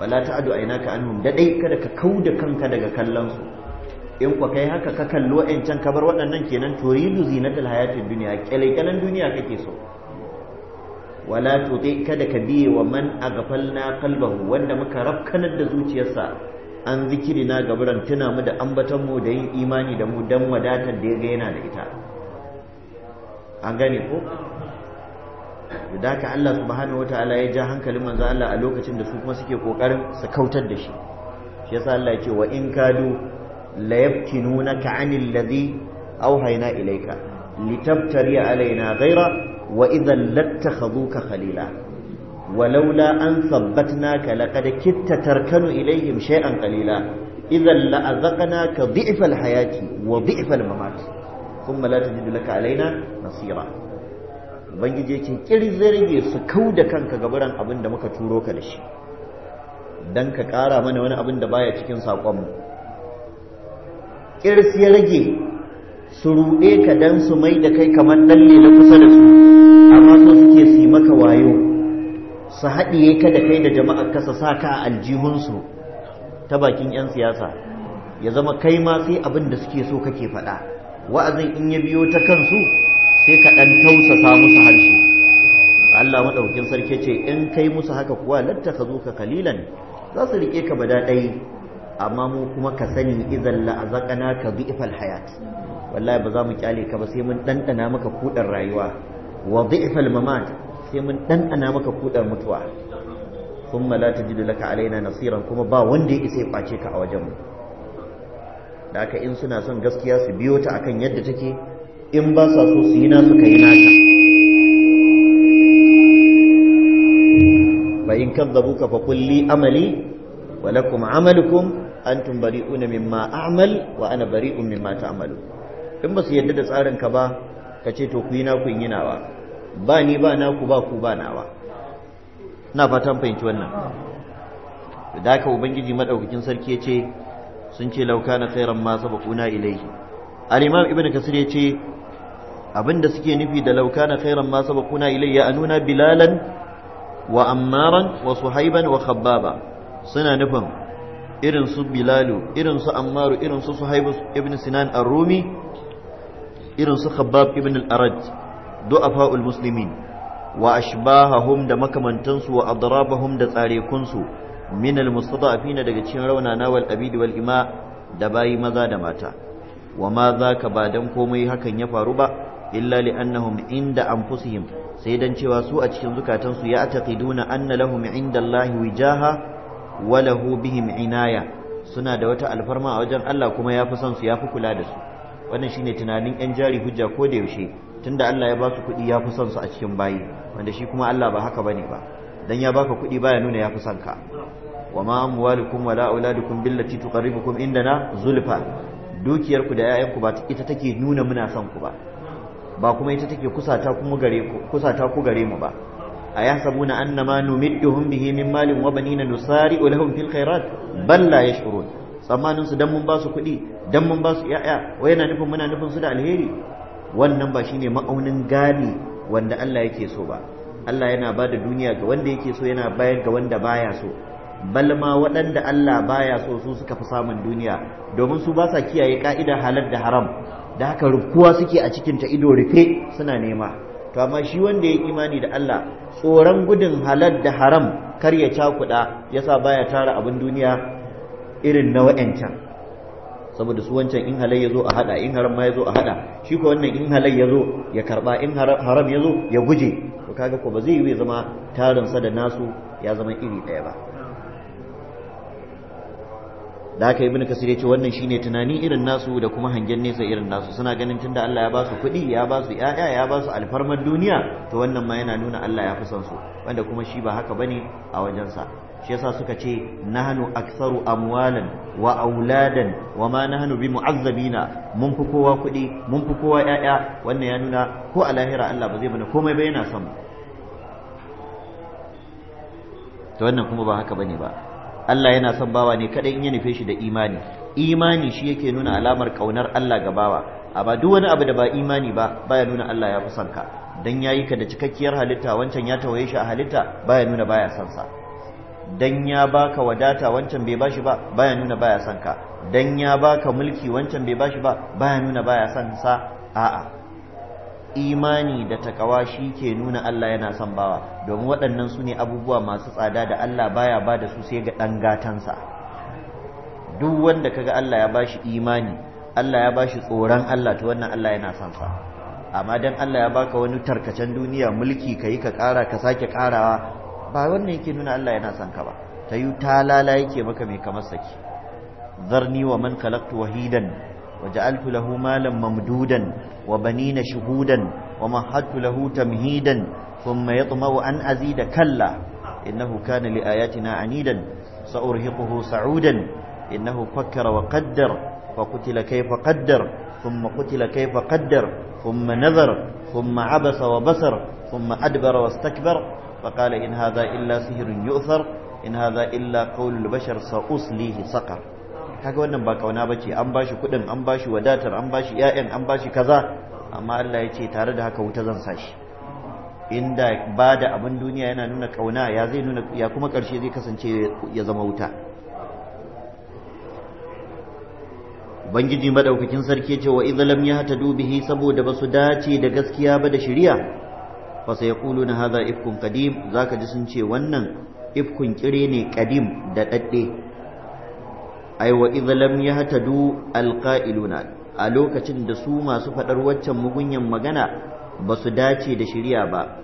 wala ta aina ka anhum da dai kada ka kauda kanka daga kallon su in ku kai haka ka kallo wa'ancan ka bar waɗannan kenan turidu zinatul hayatid dunya kyalekyalan duniya kake so wala tuti kada ka biye wa man aghfalna qalbahu wanda muka rafkanar da zuciyarsa an zikiri ga gaburan tuna mu da ambatan mu da yin imani da mu dan wadatar da ya ga yana da ita an gane ko da ka Allah subhanahu wa ta'ala ya ja hankalin manzo Allah a lokacin da su kuma suke kokarin sakautar kautar da shi shi yasa Allah yake wa in kadu la yaftinunaka anil ladhi awhayna ilayka litabtari alaina ghayra wa idhan lattakhadhuka khalila walaula an thabbatnaka laqad kitta tarkanu ilayhim shay'an qalila idhan la'azaqnaka dhi'fa alhayati wa dhi'fa almamat thumma la tajidu laka alaina nasira ubangiji ya ce kirzirge su kau da kanka gaburan abin da muka turo ka da shi don ka ƙara mana wani abin da baya cikin saƙonmu Kirsi ya rage su ruɗe ka dan su mai da kai kamar ɗalle na kusa da su amma so suke su maka wayo su haɗiye ka da kai da jama'ar kasa sa ka a aljihunsu ta bakin 'yan siyasa ya zama kai ma sai abin da suke so kake faɗa wa'azin in ya biyo ta kansu sai ka ɗan tausasa musu harshe Allah maɗaukin sarki ce in kai musu haka kuwa latta ka zo ka kalilan za su riƙe ka bada ɗai amma mu kuma ka sani idan laazakana ka ifal hayat wallahi ba za mu kyale ka ba sai mun ɗanɗana maka kuɗar rayuwa wa bi'fal mamat sai mun ɗanɗana maka kuɗar mutuwa thumma la tajidu laka alaina nasiran kuma ba wanda ya isa ya kwace ka a wajen mu da haka in suna son gaskiya su biyo ta akan yadda take in ba sa so su yi nasu ka yi nasa fa in kadzabuka fa kulli amali wa lakum amalukum antum bari'una mimma a'mal wa ana bari'un mimma ta'malu in ba su yadda da tsarin ka ba ka ce to ku yi naku in yi nawa ba ni ba naku ba ku ba nawa na fatan fahimci wannan da aka ubangiji madaukakin sarki ya ce sun ce lauka na khairan ma sabaquna ilayhi al-imam ibnu kasir ya ce abinda suke nufi da lauka na khairan ma sabaquna ilayya anuna bilalan wa ammaran wa suhaiban wa khabbaba suna nufin irin su bilalu irin su ammaru irin su suhaibu ibn sinan ar-rumi irin su khabbab ibn al-arad du'afa'ul muslimin wa ashbahahum da makamantansu wa adrabahum da tsarekunsu min al-mustada'afina daga cikin raunana wal abidi wal ima da bayi maza da mata wa ma zaka ba dan komai hakan ya faru ba illa li annahum inda anfusihim sai dan cewa su a cikin zukatansu ya taqiduna anna lahum inda wijaha wa lahu bihim inaya suna da wata alfarma a wajen Allah kuma yafi son su yafi kula da su wannan shine tunanin yan jari hujja ko da yaushe tunda Allah ya ba su kuɗi fi son su a cikin bayi wanda shi kuma Allah ba haka bane ba dan ya baka kuɗi baya nuna yafi son ka wa ma amwalukum wala auladukum billati tuqarribukum indana zulfa dukiyarku da 'ya'yanku ba ita take nuna muna son ku ba ba kuma ita take kusata kuma gare ku kusata ku gare mu ba ayasabuna annama numidduhum bihi min malin wa banina nusari'u lahum fil khairat bal la yashurun tsammanin su dan mun ba su kuɗi dan mun ba su yaya wai yana nufin muna nufin su da alheri wannan ba shine ma'aunin gani wanda Allah yake so ba Allah yana ba da duniya ga wanda yake so yana bayar ga wanda baya so balma waɗanda Allah baya so su suka fi samun duniya domin su ba sa kiyaye ka'idar halar da haram da haka rukuwa suke a cikin ta ido rufe suna nema to amma shi wanda ya imani da Allah tsoron gudun halal da haram kar ya cakuɗa yasa baya tara abin duniya irin na wa'ancan saboda su wancan in halal ya a hada in haram ma ya a hada shi ko wannan in halal ya ya karba in haram ya ya guje to kaga ko ba zai yi zama tarin sa da nasu ya zama iri ɗaya ba da aka yi bin kasir ya ce wannan shine tunani irin nasu da kuma hangen nesa irin nasu suna ganin tunda Allah ya ba su kuɗi ya ba su ƴaƴa ya ba su alfarmar duniya to wannan ma yana nuna Allah ya fi son su wanda kuma shi ba haka bane a wajensa shi yasa suka ce nahnu aktsaru amwalan wa auladan wa ma nahnu bi mu'azzabina mun fi kowa kuɗi mun fi kowa ƴaƴa wannan ya nuna ko a lahira Allah ba zai bane komai ba yana son to wannan kuma ba haka bane ba Allah yana son bawa ne kadai in ya nufe shi da imani imani shi yake nuna alamar kaunar Allah ga bawa amma duk wani abu da ba imani ba baya nuna Allah ya fi son ka dan yayi ka da cikakkiyar halitta wancan ya tawaye shi a halitta baya nuna baya son sa dan ya baka wadata wancan bai bashi ba baya nuna baya son ka dan ya baka mulki wancan bai bashi ba baya nuna baya son sa a'a imani da takawa shi ke nuna Allah yana son bawa domin waɗannan su ne abubuwa masu tsada da Allah baya ba da su sai ga ɗan gatansa duk wanda kaga Allah ya bashi imani Allah ya bashi tsoron Allah ta wannan Allah yana son sa amma dan Allah ya baka wani tarkacen duniya mulki kayi ka ƙara ka sake ƙarawa ba wannan yake nuna Allah yana son ka ba ta yi talala yake maka mai kamar saki zarni wa man khalaqtu wahidan وجعلت له مالا ممدودا وبنين شهودا ومهدت له تمهيدا ثم يطمع أن أزيد كلا إنه كان لآياتنا عنيدا سأرهقه سعودا إنه فكر وقدر فقتل كيف قدر ثم قتل كيف قدر ثم نذر ثم عبس وبصر ثم أدبر واستكبر فقال إن هذا إلا سهر يؤثر إن هذا إلا قول البشر سأصليه سقر kaga wannan ba kauna bace an bashi kuɗin an bashi wadatar an bashi 'ya'yan, an bashi kaza amma Allah ya ce tare da haka wuta zan sa shi inda ba da abin duniya yana nuna kauna ya zai nuna ya kuma ƙarshe zai kasance ya zama wuta ubangiji madaukakin sarki ce wa idza lam yahtadu bihi saboda basu dace da gaskiya ba da shari'a fa sayquluna hadha ifkun qadim zaka ji sun ce wannan ifkun kire ne qadim da dadde ai wa idh lam yahtadu alqailuna a lokacin da su masu faɗar waccan mugunyan magana ba su dace da shari'a ba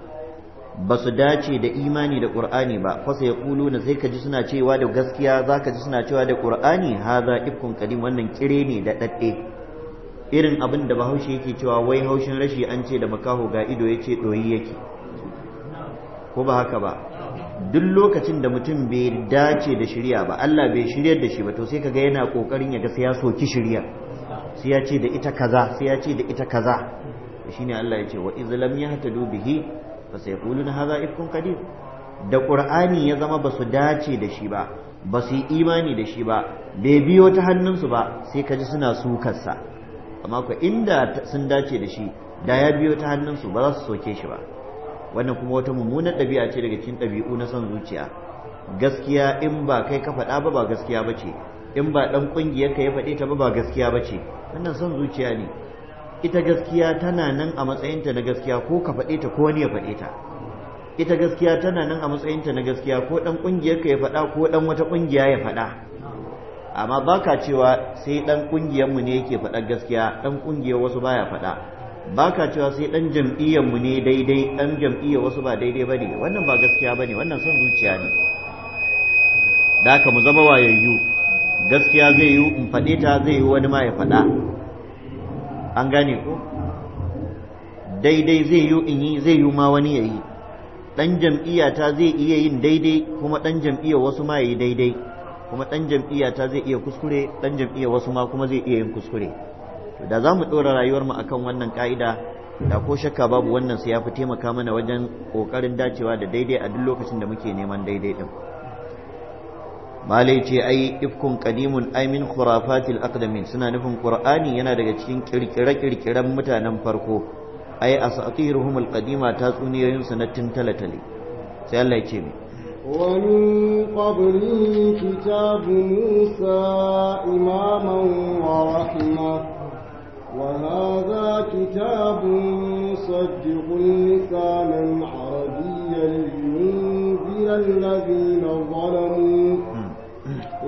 ba su dace da imani da ƙur'ani ba fa sai na sai ka ji suna cewa da gaskiya zaka ji suna cewa da qur'ani za ifkun qadim wannan kire ne da ɗaɗɗe? irin abin da bahaushe yake cewa wai haushin rashi an ce da makaho ga ido yace doyi yake ko ba haka ba duk lokacin da mutum bai dace da shirya ba Allah bai shiryar da shi ba to sai kaga yana kokarin ya ga sai ya soki shirya sai ya ce da ita kaza sai ya ce da ita kaza shine Allah ya ce wa iz lam yahtadu bihi fa sayquluna hadha ifkun qadim da qur'ani ya zama basu dace da shi ba basu yi imani da shi ba bai biyo ta hannunsu ba sai kaji suna sukarsa amma ko inda sun dace da shi da ya biyo ta hannunsu ba za su soke shi ba wannan kuma wata mummunar ɗabi'a ce daga cikin ɗabi'u na son zuciya gaskiya in ba kai ka faɗa ba ba gaskiya ba ce in ba ɗan ƙungiyar ka ya faɗe ta ba ba gaskiya ba ce wannan son zuciya ne ita gaskiya tana nan a matsayinta na gaskiya ko ka faɗe ta ko wani ya faɗe ta ita gaskiya tana nan a matsayinta na gaskiya ko ɗan ƙungiyar ka ya faɗa ko ɗan wata ƙungiya ya faɗa amma baka cewa sai ɗan ƙungiyarmu ne yake faɗa gaskiya ɗan ƙungiyar wasu baya faɗa ba ka cewa sai ɗan jam'iyyarmu ne daidai ɗan jam'iyyar wasu ba daidai ba ne wannan ba gaskiya ba ne wannan son zuciya ne da ka mu zama wayayyu gaskiya zai yi in faɗe ta zai yi wani ma ya faɗa an gane ko daidai zai yi in yi zai yi ma wani ya yi ɗan jam'iyya ta zai iya yin daidai kuma ɗan jam'iyyar wasu ma ya yi daidai kuma ɗan jam'iyya ta zai iya kuskure ɗan jam'iyyar wasu ma kuma zai iya yin kuskure da za mu ɗora rayuwarmu a kan wannan ƙa'ida da ko shakka babu wannan sai ya fi taimaka mana wajen ƙoƙarin dacewa da daidai a duk lokacin da muke neman daidai ɗin malai ce ai ifkun qadimun ai min khurafatil aqdamin suna nufin qur'ani yana daga cikin kirkire-kirkiren mutanen farko ai asatiruhum alqadima ta tsuniyoyin su na tintalatale sai Allah ya ce mai ومن قبله musa موسى wa وهذا كتاب مصدق لسانا عربيا لينذر الذين ظلموا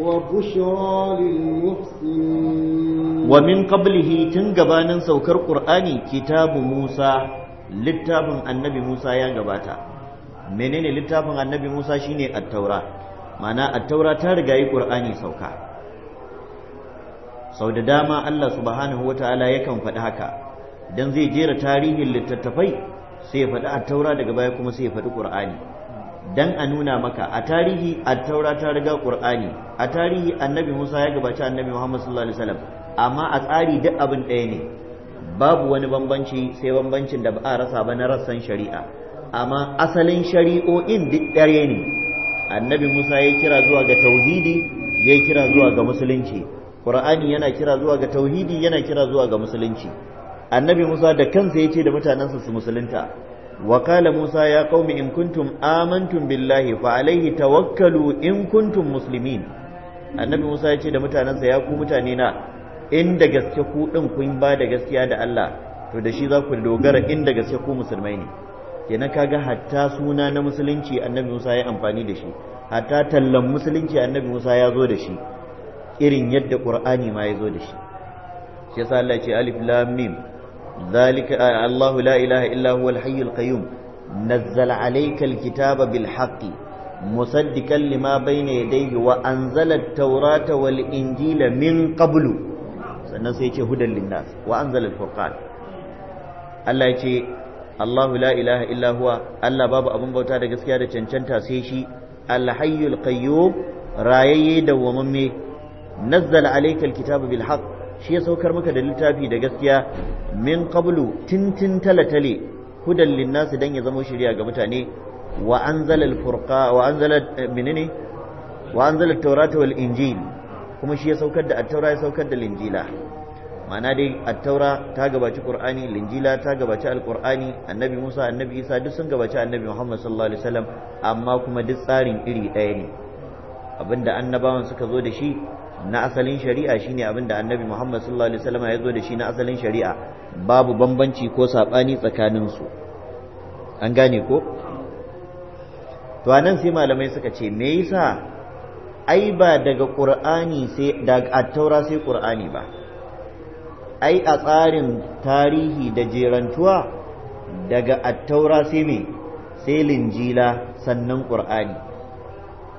وبشرى للمحسنين ومن قبله تنقبان سوكر قرآني كتاب موسى littafin annabi Musa ya gabata menene littafin annabi Musa shine at-taura ma'ana at ta riga yi Qur'ani sauka sau da dama Allah subhanahu ya yakan faɗi haka don zai jera tarihin littattafai sai ya faɗi a taura daga baya kuma sai ya faɗi ƙur'ani Don a nuna maka a tarihi taura ta riga ƙur'ani, a tarihi annabi Musa ya gabaci annabi Muhammad sallallahu alaihi wasallam amma a tsari duk abin ɗaya ne babu wani bambanci sai bambancin da ba a rasa ba na rassan shari'a amma asalin shari'o'in duk ɗaya ne annabi Musa ya kira zuwa ga tauhidi ya kira zuwa ga musulunci qur'ani yana kira zuwa ga tauhidi yana kira zuwa ga musulunci annabi musa da kansa yace da mutanansa su musulunta wa qala musa ya qaumi in kuntum amantum billahi fa alayhi tawakkalu in kuntum muslimin annabi musa yace da mutanansa ya ku mutane na in da gaske ku din kun ba da gaskiya da Allah to da shi za ku dogara in da gaske ku musulmai ne kenan kaga hatta suna na musulunci annabi musa ya amfani da shi hatta tallan musulunci annabi musa ya zo da shi irin yadda qur'ani ma ya zo da shi shi yasa Allah ce alif lam mim zalika Allah la ilaha illa huwa al-hayy al-qayyum nazzala alayka al-kitaba bil haqqi musaddiqan lima bayna yadayhi wa anzala at-taurata wal injila min qablu sannan sai ce hudan linnas wa anzala al-furqan Allah ce Allah la ilaha illa huwa Allah babu abun bauta da gaskiya da cancanta sai shi al-hayyul qayyum rayayye dawwamamme nazzala alayka alkitaba bil haqq shi ya saukar maka da littafi da gaskiya min qablu tintin talatale hudan linnas dan ya zama shari'a ga mutane wa anzala alfurqa wa anzala eh, kuma shi ya saukar da at ya saukar da linjila ma'ana dai attaura ta gabaci qur'ani linjila ta gabaci alqur'ani annabi musa annabi isa duk sun gabaci annabi muhammad sallallahu alaihi wasallam amma kuma duk tsarin iri ɗaya ne abinda annabawan suka zo da shi na asalin shari'a shine abin da annabi Muhammad sallallahu alaihi wasallam ya zo da shi na asalin shari'a babu bambanci ko sabani tsakanin su an gane ko to anan sai malamai suka ce me yasa ai ba daga qur'ani sai daga at sai qur'ani ba ai a tsarin tarihi da jerantuwa daga at sai me sai linjila sannan qur'ani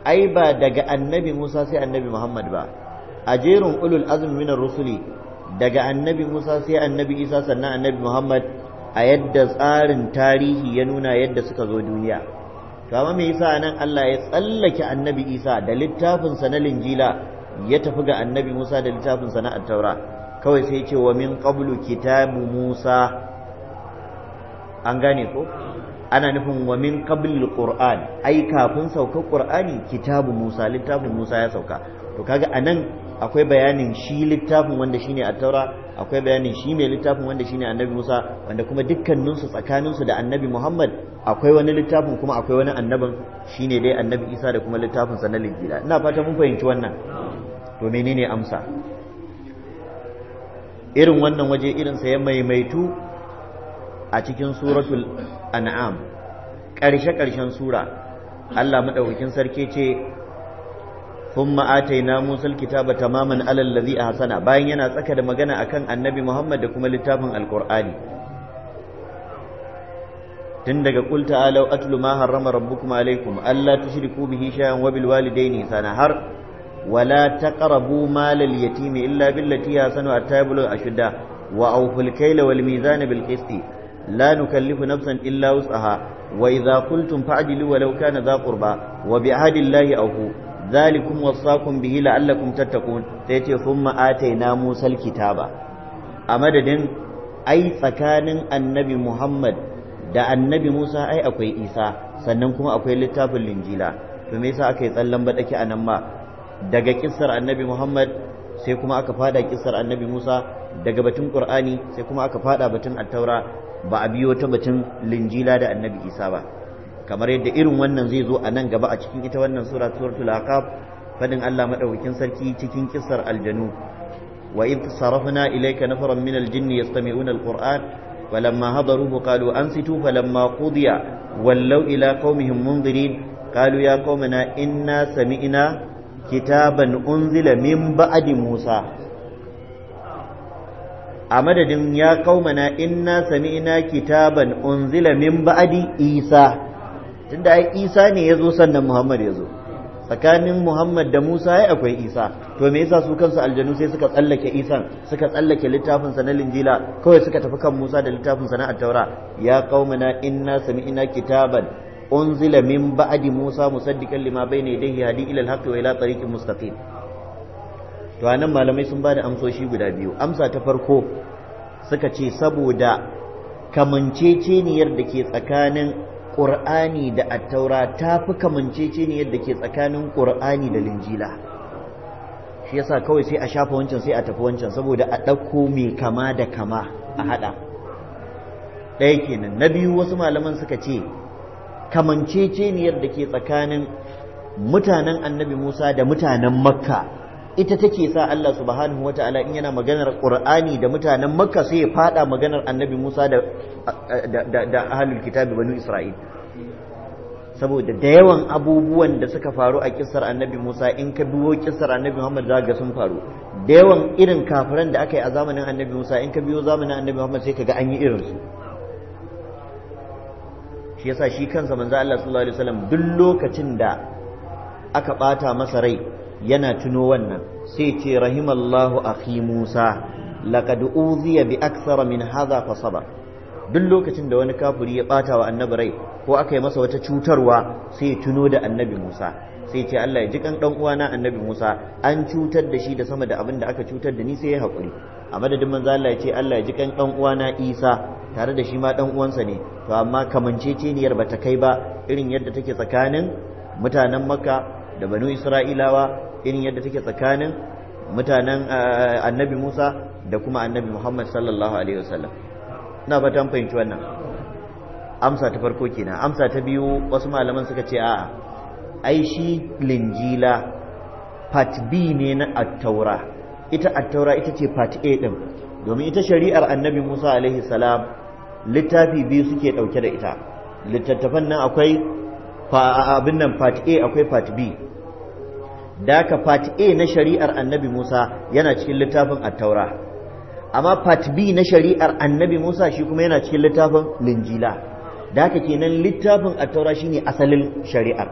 ai ba daga annabi Musa sai annabi Muhammad ba a jerin ulul azmi minar rusuli daga annabi Musa sai annabi Isa sannan annabi Muhammad a yadda tsarin tarihi ya nuna yadda suka zo duniya to amma me yasa nan Allah ya tsallake annabi Isa da littafin sa na linjila ya tafi ga annabi Musa da littafin sa na at-taura kawai sai ya ce wa min qablu kitabu Musa an gane ko ana nufin wa min qablil qur'an ai kafin sauka qur'ani kitabu musa littafin musa ya sauka to kaga anan akwai bayanin shi littafin wanda shi ne a taura akwai bayanin shi mai littafin wanda shi ne annabi Musa wanda kuma dukkanin tsakaninsu da annabi Muhammad akwai wani littafin kuma akwai wani annabin ne dai annabi Isa da kuma littafin sa na ina fata mun fahimci wannan to menene amsa irin wannan waje irin sa ya maimaitu a cikin suratul an'am ƙarshe ƙarshen sura Allah madaukakin sarki ce ma'atai thumma ataina ta alkitaba tamaman ala a Hassana, bayan yana tsaka da magana akan annabi muhammad da kuma littafin alqur'ani tun daga qul ta'alu atlu ma harrama rabbukum alaykum alla tushriku bihi shay'an wa bil walidayni ihsana har wala taqrabu mal al yatimi illa billati ahsanu hatta yablugha ashudda wa awful kayla wal mizana bil qisti la nukallifu nafsan illa wus'aha wa idza qultum fa'dilu walau kana dha qurba wa bi ahdi allahi awfu zalikum wasaqum bihi la'allakum tattaqun sai yace thumma ataina musal ba. a madadin ai tsakanin annabi muhammad da annabi musa ai akwai isa sannan kuma akwai littafin linjila to me yasa aka yi tsallan baɗaki a nan ma daga kissar annabi muhammad sai kuma aka fada kissar annabi musa daga batun Ƙur'ani sai kuma aka fada batun attaura ba a biyo ta batun linjila da annabi isa ba kamar yadda irin wannan zai zo a nan gaba a cikin ita wannan sura suratul aqab fadin Allah madaukakin sarki cikin kissar aljanu wa id sarafna ilayka nafaran min aljinni yastami'una alquran falamma hadaruhu qalu ansitu falamma qudiya wallaw ila qaumihim munzirin qalu ya qaumana inna sami'na kitaban unzila min ba'di musa a madadin ya kaumana inna sami'na kitaban unzila min ba'di isa tun da isa ne ya zo sannan muhammad ya zo tsakanin muhammad da musa ya akwai isa to me yasa su kansu aljanu sai suka tsallake isa suka tsallake littafin sa na linjila kawai suka tafi kan musa da littafin sa na attaura ya qaumana inna ina kitaban unzila min ba'di musa musaddiqan lima bayna yadayhi hadi ila al-haqq wa ila tariqin mustaqim to anan malamai sun ba da amsoshi guda biyu amsa ta farko suka ce saboda kamanceceniyar da ke tsakanin ƙur'ani da attaura ta fi kamanceceniyar ne yadda ke tsakanin ƙur'ani da linjila shi yasa kawai sai a shafa wancan sai a tafi wancan saboda a ɗauko mai kama da kama a haɗa ɗaya kenan na biyu wasu malaman suka ce kamanceceniyar ne yadda ke tsakanin mutanen annabi musa da mutanen makka ita take sa Allah subhanahu wata'ala in yana maganar Qur'ani da mutanen Makka sai ya fada maganar Annabi Musa da da da ahlul kitabi banu Isra'il saboda da yawan abubuwan da suka faru a kissar Annabi Musa in ka biyo kissar Annabi Muhammad za ga sun faru da yawan irin kafiran da aka yi a zamanin Annabi Musa in ka biyo zamanin Annabi Muhammad sai ka ga an yi irin su shi yasa shi kansa manzo Allah sallallahu alaihi wasallam duk lokacin da aka bata masa rai yana tuno wannan sai ce rahimallahu akhi Musa laqad uziya bi akthara min hadha fa sabar duk lokacin da wani kafiri ya bata wa annabi rai ko aka yi masa wata cutarwa sai tuno da annabi Musa sai ce Allah ya ji kan dan uwana annabi Musa an cutar da shi da sama da abin da aka cutar da ni sai ya hakuri a madadin manzo Allah ya ce Allah ya ji kan dan uwana Isa tare da shi ma dan uwansa ne to amma kamanceceniyar bata kai ba irin yadda take tsakanin mutanen Makka da banu Isra'ilawa irin yadda take tsakanin mutanen annabi Musa da kuma annabi Muhammad sallallahu alaihi wasallam ina fatan fahimci wannan amsa ta farko kenan amsa ta biyu wasu malaman suka ce a'a Aishi linjila part B ne na at-taura ita at ita ce part A din domin ita shari'ar annabi Musa alaihi salam littafi biyu suke ɗauke da ita littattafan nan akwai abin nan part A akwai part B da ka part A na shari'ar annabi Musa yana cikin littafin attaura amma part B na shari'ar annabi Musa shi kuma yana cikin littafin linjila da ke kenan littafin attaura shine asalin shari'ar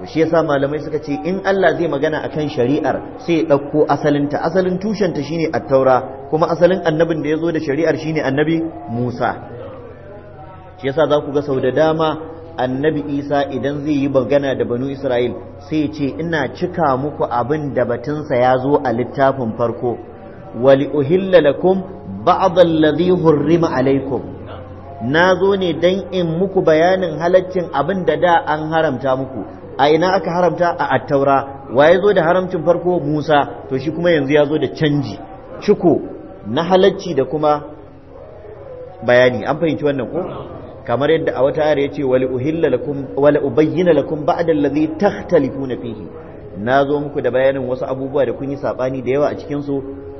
to shi yasa malamai suka ce in Allah zai magana akan shari'ar sai ya ɗauko asalinta asalin tushenta shine attaura kuma asalin annabin da ya zo da shari'ar shine annabi Musa shi yasa za ku ga sau da dama annabi isa idan zai yi magana da banu isra'il sai ce ina cika muku abin da batunsa ya zo a littafin farko wali uhilla lakum ba'd alladhi hurrima alaikum na zo ne dan in muku bayanin halaccin abin da da an haramta muku a ina aka haramta a attaura Wa ya zo da haramcin farko musa to shi kuma yanzu ya zo da canji ciko na halacci da kuma bayani an fahimci wannan ko kamar yadda a wata ya yace wal uhilla lakum wal da lakum ba'da allazi takhtalifuna fihi zo muku da bayanin wasu abubuwa da kun yi saɓani da yawa a cikin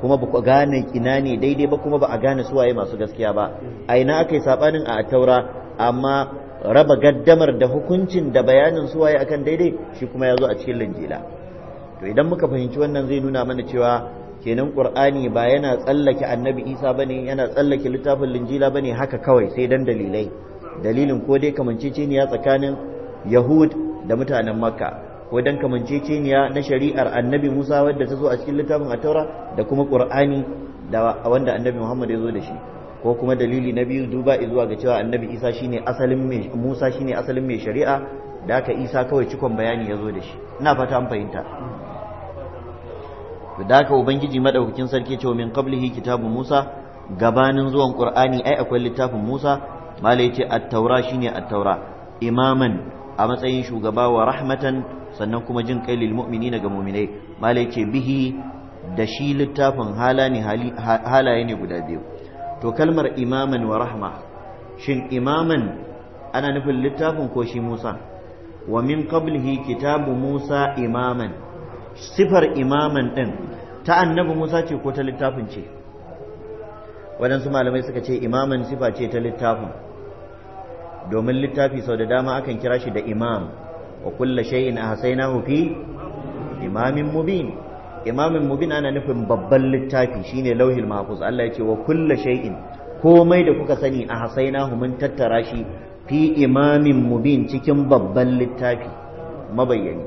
kuma ba ku gane ina ne daidai ba kuma ba a gane su waye masu gaskiya ba a ina aka yi sabanin a taura amma raba gaddamar da hukuncin da bayanin su waye akan daidai shi kuma ya zo a cikin linjila to idan muka fahimci wannan zai nuna mana cewa kenan qur'ani ba yana tsallake annabi isa bane yana tsallake littafin linjila bane haka kawai sai dan dalilai dalilin ko dai kamanceceniya tsakanin yahud da mutanen makka ko dan kamanceceniya na shari'ar annabi musa wadda ta zo a cikin littafin taura da kuma qur'ani da wanda annabi muhammad ya zo da shi ko kuma dalili na biyu duba zuwa ga cewa annabi isa shine asalin mai musa shine asalin mai shari'a da aka isa kawai cikon bayani ya zo da shi ina fata an fahimta da haka ubangiji madaukakin sarki cewa min qablihi kitabu musa gabanin zuwan qur'ani ai akwai littafin musa malai ce at-taura shine attaura imaman a matsayin shugaba wa rahmatan sannan kuma jin kai lil mu'minina ga mu'minai malai ce bihi da shi littafin halaye ne guda biyu to kalmar imaman wa rahma shin imaman ana nufin littafin ko shi Musa wa min qablihi kitabu Musa imaman sifar imaman din ta annabi Musa ce ko ta littafin ce waɗansu malamai suka ce imaman sifa ce ta littafin domin littafi sau da dama akan kira shi da imam wa kulla shay'in ahsaynahu fi imamin mubin imamin mubin ana nufin babban littafi shine lauhil mahfuz Allah ya ce wa kulla shay'in komai da kuka sani a ahsaynahu mun tattara shi fi imamin mubin cikin babban littafi mabayyani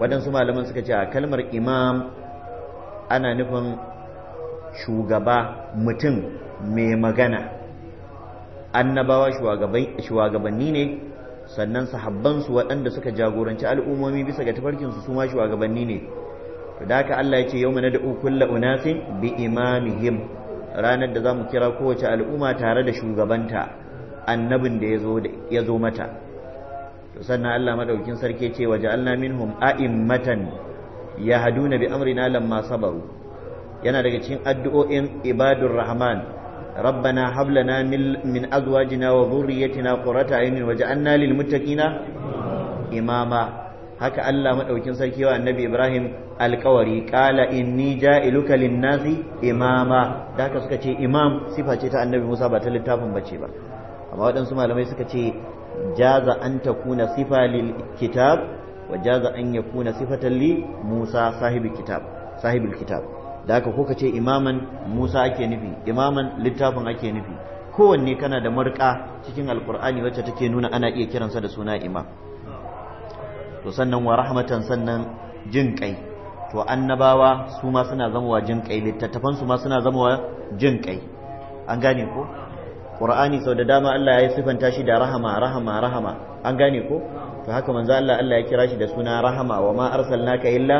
waɗansu malaman suka ce a kalmar imam ana nufin shugaba mutum mai magana annabawa shugabanni ne sannan sahabbansu waɗanda suka jagoranci al'ummomi bisa ga tafarkinsu su ma shugabanni ne to da haka Allah ya ce yawma nad'u kullu unasin bi imamihim ranar da zamu kira kowace al'umma tare da shugabanta annabin da yazo ya zo mata to sannan Allah madaukin sarki ce wa ja'alna minhum a'immatan yahduna bi amrina lamma sabaru yana daga cikin addu'o'in ibadur rahman ربنا هب لنا من من ازواجنا وذريتنا قرة عين واجعلنا للمتقين اماما هكا الله مدوكين سركي والنبي ابراهيم alƙawari ƙala inni ja’iluka linnazi imama da haka suka ce imam sifa ce ta annabi musa ba ta littafin ba ce ba amma waɗansu malamai suka ce jaza an ta kuna sifa lil kitab wa jaza an ya kuna sifatalli musa sahibi kitab da haka ko ka ce imaman Musa ake nufi imaman littafin ake nufi kowanne kana da marka cikin alkur'ani wacce take nuna ana iya kiransa da suna imam to sannan wa rahmatan sannan jin kai to annabawa su ma suna zamowa jin kai littattafan su ma suna zamowa jin kai an gane ko qur'ani sau da dama Allah ya yi sifanta shi da rahama rahama rahama an gane ko to haka manzo Allah Allah ya kira shi da suna rahama wa ma arsalnaka illa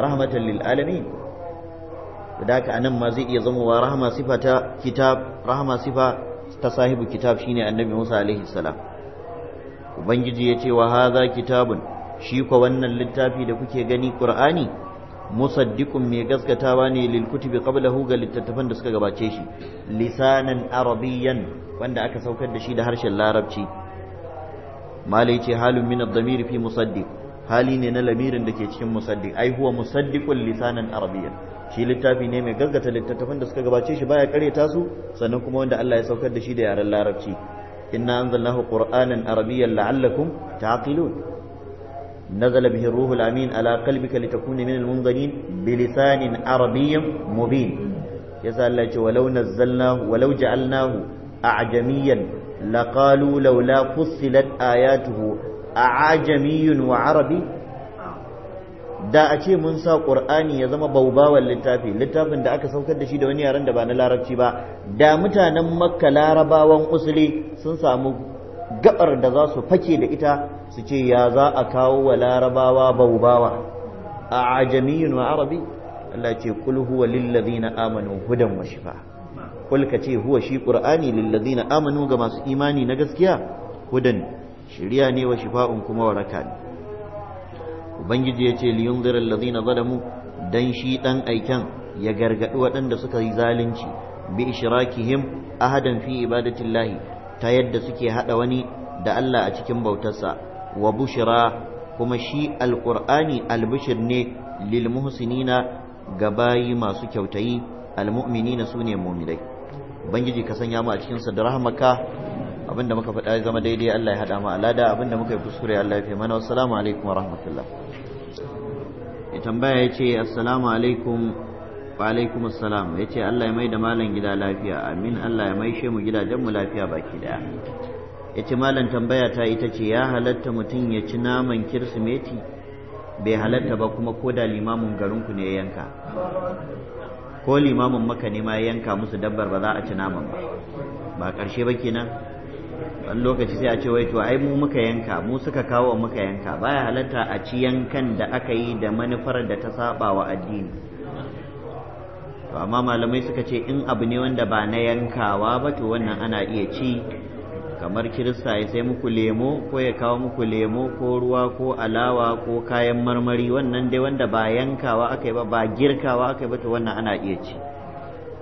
rahmatan lil alamin da anan ma zai iya zama wa rahama sifa ta kitab rahama sifa ta sahibu kitab shine annabi Musa alaihi salam ubangiji ya ce wa hadha kitabun shi ko wannan littafi da kuke gani qur'ani musaddiqun mai gaskatawa ne lil kutubi qablahu ga littattafan da suka gabace shi lisanan arabiyyan wanda aka saukar da shi da harshen larabci malai ce halun min ad-damir fi musaddiq hali ne na lamirin da ke cikin musaddiq ai huwa musaddiqul lisanan arabiyyan shi littafi ne mai gaggata littattafan da suka gabace shi baya ta su sannan kuma wanda Allah ya saukar da shi da yaren larabci inna anzalnahu qur'anan arabiyyan la'allakum taqilun nazala bihi ruhul amin ala qalbika litakuna minal munzirin bilisanin arabiyyin mubin yasa Allah ya ce walau nazzalnahu walau ja'alnahu a'jamiyyan laqalu laula fussilat ayatuhu a'jamiyyun wa arabiy da a ce mun sa Kur'ani ya zama baubawan littafi littafin da aka saukar da shi da wani yaren da ba na larabci ba da mutanen makka larabawan usuli sun samu gabar da za su fake da ita su ce ya za a kawo wa larabawa baubawa a ajamiyin wa arabi Allah ce kul huwa lillazina amanu hudan wa shifa kul ka ce huwa shi qur'ani lillazina amanu ga masu imani na gaskiya hudan shiriya ne wa shifa'un kuma waraka ne ubangiji ya ce liyunzir allazina zalamu dan shi ɗan aiken ya gargaɗi waɗanda suka yi zalunci bi ishrakihim ahadan fi ibadatillahi ta yadda suke haɗa wani da Allah a cikin bautarsa wa bushira kuma shi alqur'ani albushir ne lil muhsinina ga bayi masu kyautayi almu'minina sune mu'minai ubangiji ka sanya mu a cikin sa da rahmaka abinda muka faɗa zama daidai Allah ya hada mu alada abinda muka yi kuskure Allah ya fi mana wassalamu alaikum wa rahmatullah ya tambaya ya ce assalamu alaikum wa alaikum assalam ya ce Allah ya mai da malam gida lafiya amin Allah ya mai shi mu gidajen mu lafiya baki daya ya ce malam tambaya ta ita ce ya halatta mutum ya ci naman kirsimeti bai halatta ba kuma ko da limamin garinku ne ya yanka ko limamin maka ne ma ya yanka musu dabbar ba za a ci naman ba ba ƙarshe ba kenan wani lokaci sai a ce wai to ai mu muka yanka mu suka kawo muka yanka baya halatta a ci yankan da aka yi da manufar da ta saba wa addini to amma malamai suka ce in abu ne wanda ba na yankawa ba to wannan ana iya ci kamar kirista ya sai muku lemo ko ya kawo muku lemo ko ruwa ko alawa ko kayan marmari wannan dai wanda ba yankawa aka yi ba ba girkawa aka yi ba to wannan ana iya ci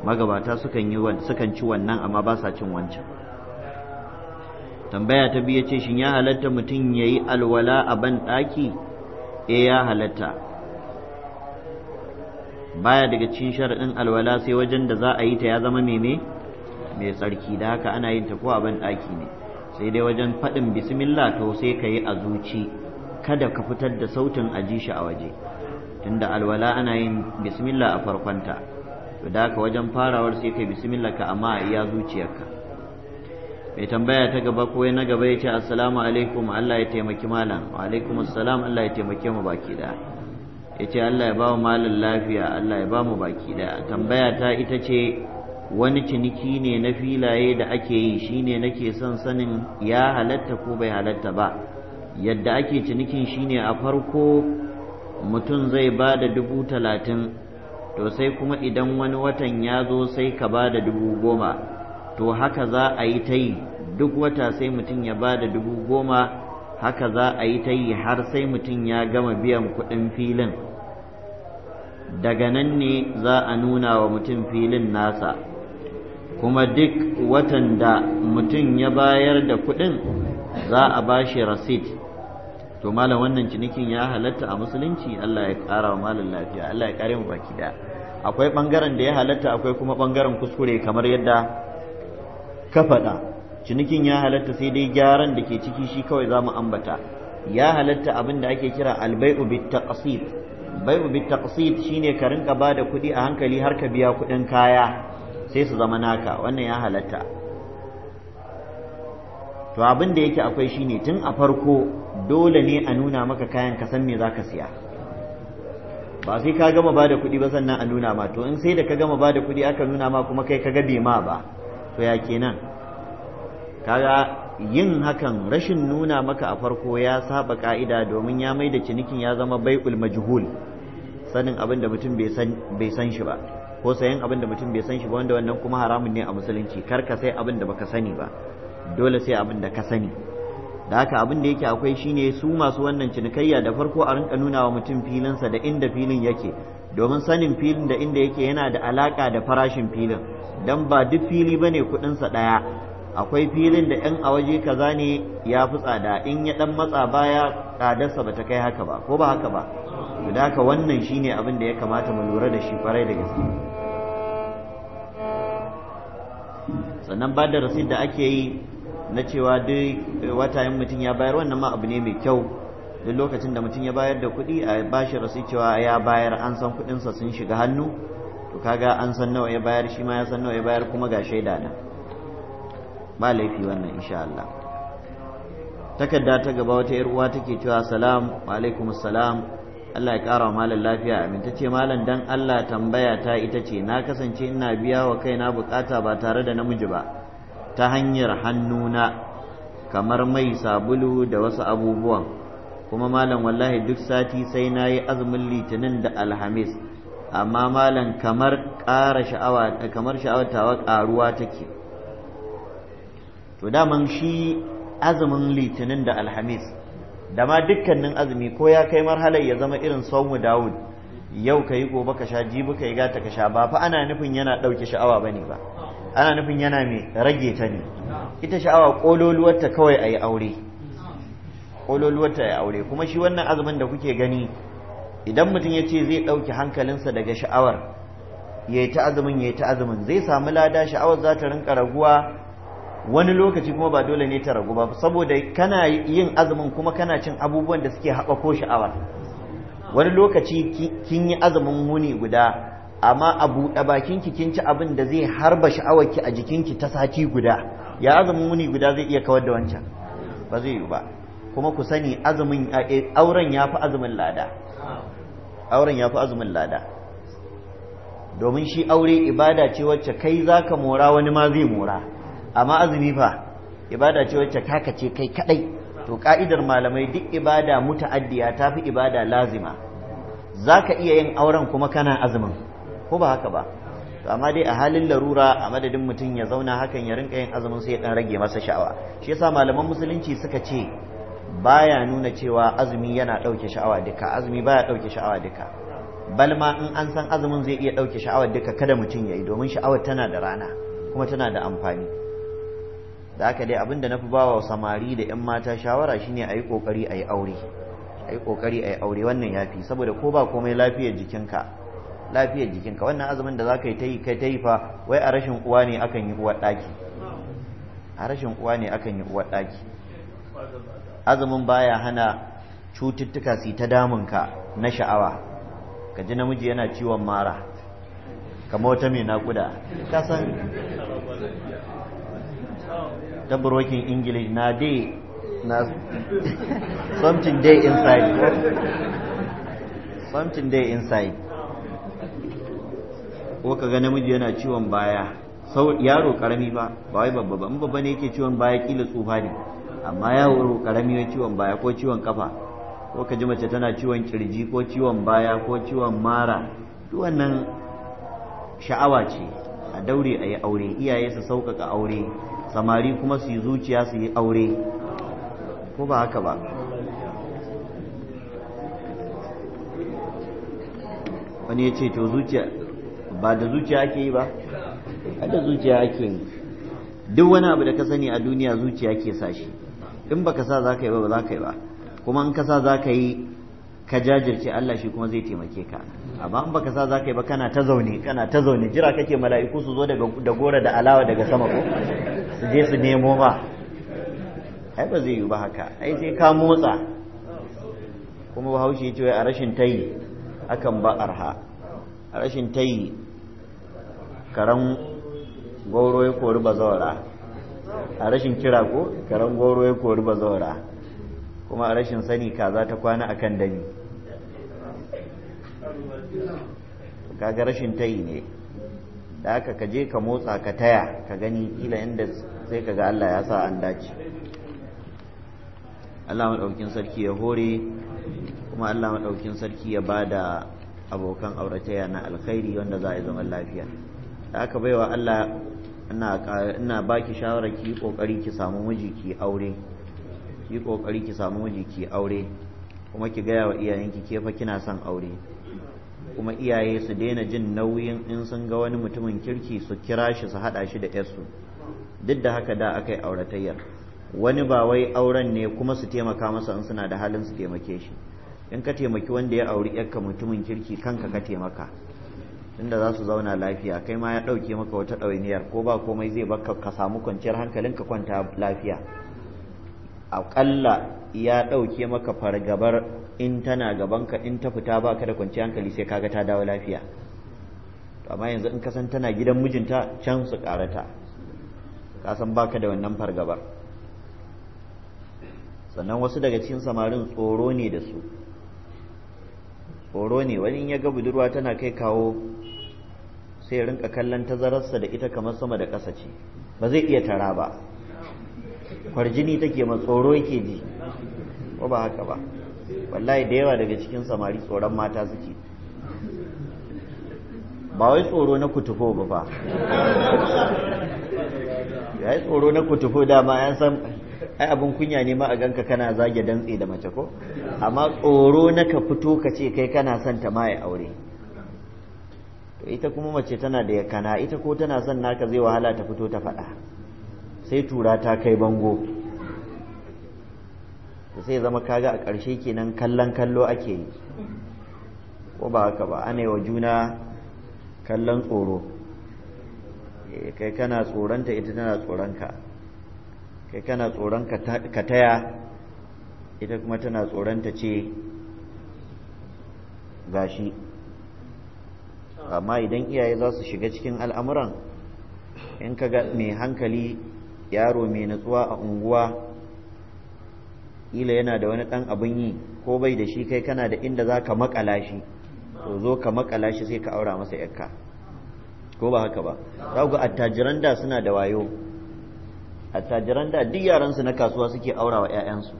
magabata sukan sukan ci wannan amma ba sa cin wancan tambaya ta biyu ce shin ya halatta mutum ya yi alwala a ban ɗaki e eh, ya halatta baya daga cikin sharaɗin alwala sai wajen da za a yi ta ya zama meme mai tsarki da haka ana yin ta ko a ban ɗaki ne sai dai wajen faɗin bismillah to sai ka yi a zuci kada ka fitar da sautin a ji shi a waje tunda alwala ana yin bismillah a farkonta to da haka wajen farawar sai yi bismillah ka amma a iya zuciyarka mai tambaya ta gaba ko na gaba ya ce assalamu alaikum Allah ya taimaki malam wa alaikum assalam Allah ya taimake mu baki da ya ce Allah ya ba mu malam lafiya Allah ya ba mu baki da tambaya ta ita ce wani ciniki ne na filaye da ake yi shine nake son sanin ya halatta ko bai halatta ba yadda ake cinikin shine a farko mutum zai ba da dubu talatin to sai kuma idan wani watan ya zo sai ka ba da dubu goma to haka za a yi ta yi duk wata sai mutum ya ba da dubu goma haka za a yi ta yi har sai mutum ya gama biyan kuɗin filin daga nan ne za a nuna wa mutum filin nasa kuma duk watan da mutum ya bayar da kuɗin za a ba shi rasit to malam wannan cinikin ya halatta a musulunci Allah ya ƙara wa malam lafiya Allah ya ƙare mu baki da akwai ɓangaren da ya halatta akwai kuma ɓangaren kuskure kamar yadda ka faɗa cinikin ya halatta sai dai gyaran da ke ciki shi kawai za mu ambata ya halatta abin da ake kira albai'u bit taqsid bai'u bit taqsid shine ka rinka bada kuɗi a hankali har ka biya kuɗin kaya sai su zama naka wannan ya halatta to abin da yake akwai shine tun a farko dole ne a nuna maka kayan ka san me zaka siya ba sai ka gama bada kuɗi ba sannan a nuna ma to in sai da ka gama bada kuɗi aka nuna ma kuma kai ka ga bai ma ba to ya kenan kaga yin hakan rashin nuna maka a farko ya saba ka'ida domin ya mai da cinikin ya zama bai'ul majhul sanin abin da mutum bai san shi ba ko sayan abin da mutum bai san shi ba wanda wannan kuma haramun ne a musulunci kar ka sai abin da baka sani ba dole sai abin da ka sani da haka abin da yake akwai shine su masu wannan cinikayya da farko a rinka nuna wa mutum filinsa da inda filin yake domin sanin filin da inda yake yana da alaka da farashin filin dan ba duk fili bane kuɗinsa ɗaya akwai filin da yan a waje kaza ne ya fi tsada in ya ɗan matsa baya tsadarsa ba ta kai haka ba ko ba haka ba da haka wannan shine abin da ya kamata mu lura da shi farai da gaske sannan ba da rasid da ake yi na cewa duk wata yin mutum ya bayar wannan ma abu ne mai kyau duk lokacin da mutum ya bayar da kuɗi a bashi rasu cewa ya bayar an san kuɗinsa sun shiga hannu to kaga an san nawa ya bayar shi ma ya san nawa ya bayar kuma ga shaida nan. ba laifi wannan insha Allah takarda ta gaba wata yar uwa take cewa salam alaikum assalam Allah ya kara malam lafiya amin ta ce malam dan Allah tambaya ta ita ce na kasance ina biya wa kaina bukata ba tare da namiji ba ta hanyar hannuna kamar mai sabulu da wasu abubuwan kuma malam wallahi duk sati sai na yi azumin litinin da alhamis amma malam kamar ƙara sha'awa kamar sha'awar tawa ƙaruwa take to daman shi azumin litinin da alhamis da ma dukkanin azumi ko ya kai marhalar ya zama irin sawmu dawud yau ka yi gobe ka sha jibi ka yi gata ka sha ba fa ana nufin yana ɗauke sha'awa ba ne ba ana nufin yana mai rage ta ne ita sha'awa ƙololuwarta kawai a yi aure ƙololuwarta a yi aure kuma shi wannan azumin da kuke gani idan mutum ya ce zai ɗauki hankalinsa daga sha'awar ya yi ta ya yi ta azumin zai samu lada sha'awar za ta rinka raguwa wani lokaci kuma ba dole ne ta ragu ba saboda kana yin azumin kuma kana cin abubuwan da suke haɓako sha'awar wani lokaci kin yi azumin wuni guda amma a buɗe bakinki kin ci abin da zai harba sha'awar ki a jikin ki ta sati guda ya azumin wuni guda zai iya kawar da wancan ba zai yi ba kuma ku sani eh, auren ya fi azumin lada auren ya fi azumin lada domin shi aure ibada ce wacce kai za ka mora wani ma zai mora amma azumi fa ibada ce wacce kaka ce kai kadai to ka'idar malamai duk ibada muta'addiya ta fi ibada lazima za ka iya yin auren kuma kana azumin ko ba haka ba to amma dai a halin larura a madadin mutum ya zauna hakan ya rinka yin azumin sai ya dan rage masa sha'awa shi yasa malaman musulunci suka ce baya nuna cewa azumi yana ɗauke sha'awa duka azumi baya ɗauke sha'awa duka bal ma in an san azumin zai iya ɗauke sha'awa duka kada mutum ya yi domin sha'awar tana da rana kuma tana da amfani da haka dai abinda na fi wa samari da 'yan mata shawara shine a yi ƙoƙari a yi aure a yi ƙoƙari a yi aure wannan ya fi saboda ko ba komai lafiyar jikinka lafiyar jikinka wannan azumin da za ka yi ta yi kai ta fa wai a rashin uwa ne akan yi uwar ɗaki a rashin uwa ne akan yi uwar ɗaki azumin baya hana cututtuka su ta damunka na sha'awa ka ji namiji yana ciwon mara kamar wata mai naƙuda ka san ta brokin na dai na something day inside something day inside ko ka ga namiji yana ciwon baya yaro karami ba ba wai babba ba in babba ne yake ciwon baya kila tsufa ne amma yaro karami ya ciwon baya ko ciwon kafa ko ka ji mace tana ciwon kirji ko ciwon baya ko ciwon mara duk wannan sha'awa ce a daure a yi aure iyaye su sauƙaƙa aure samari kuma su yi zuciya su yi aure ko ba haka ba wani ya ce to zuciya ba da zuciya ake yi ba da zuciya ake yi duk wani abu da ka sani a duniya zuciya ke sashi in baka sa za ka yi ba ba za ka yi ba kuma in ka sa za ka yi ka jajirce Allah shi kuma zai taimake ka amma in baka sa za ka yi ba kana ta zaune kana ta zaune jira kake mala'iku su zo da gora da alawa daga sama ko su je su nemo ba. ai ba zai yi ba haka ai sai ka motsa kuma bahaushe ce a rashin tayi akan ba arha a rashin tayi karan gauro ya kori bazawara a rashin kira ko karan goro ya kori ba zaura. kuma a rashin sani kaza ta kwana a akan dami kaga rashin tayi ne da aka kaje ka motsa ka taya ka gani kila inda sai ka ga Allah ya sa an dace Allah maɗaukin sarki ya hore kuma Allah maɗaukin sarki ya bada abokan aurataya na alkhairi wanda za a yi zaman lafiya da aka baiwa Allah ina baki shawara ki kokari ki samu miji ki aure ki kokari ki samu miji ki aure kuma ki gaya wa iyayenki ke fa kina son aure kuma iyaye su daina jin nauyin in sun ga wani mutumin kirki su kira shi su haɗa shi da yarsu duk da haka da aka yi auratayyar wani ba wai auren ne kuma su taimaka masa in suna da halin su taimake shi in ka taimaki wanda ya auri yarka mutumin kirki kanka ka taimaka tunda za su zauna lafiya kai ma ya ɗauke maka wata ɗawainiyar ko ba komai zai baka ka samu kwanciyar hankalin ka kwanta lafiya akalla ya ɗauke maka fargabar in tana gabanka in ta fita ba ka da kwanciyar hankali sai kaga ta dawo lafiya amma yanzu in kasan tana gidan mijinta can su karata kasan baka da wannan fargabar sannan wasu daga cikin samarin tsoro ne da su tsoro ne wani ya ga budurwa tana kai kawo sai rinka kallon tazararsa da ita kamar sama da ƙasa ce ba zai iya tara ba kwarjini take ma tsoro yake ji ko ba haka ba wallahi da yawa daga cikin samari tsoron mata suke ba wai tsoro na kutufo ba ba ya yi tsoro na kutufo dama yan san ai abin kunya ne ma a ganka kana zage dantse da mace ko amma tsoro na ka fito ka ce kai kana son ta ma aure to ita kuma mace tana da yakana ita ko tana son naka zai wahala ta fito ta faɗa sai tura ta kai bango to sai zama kaga a ƙarshe kenan kallon kallo ake yi ko ba haka ba ana juna kallon tsoro eh, kai kana tsoronta ita tana tsoronka kai kana tsoron ka taya ita kuma tana tsoron ta ce gashi amma idan iyaye za su shiga cikin al'amuran in ka ga mai hankali yaro mai natsuwa a unguwa ila yana da wani ɗan abin yi ko bai da shi kai kana da inda za ka makala shi to zo ka makala shi sai ka aura masa yakka ko ba haka ba za ku attajiran da suna da wayo attajiran da duk yaransu na kasuwa suke aura wa 'ya'yansu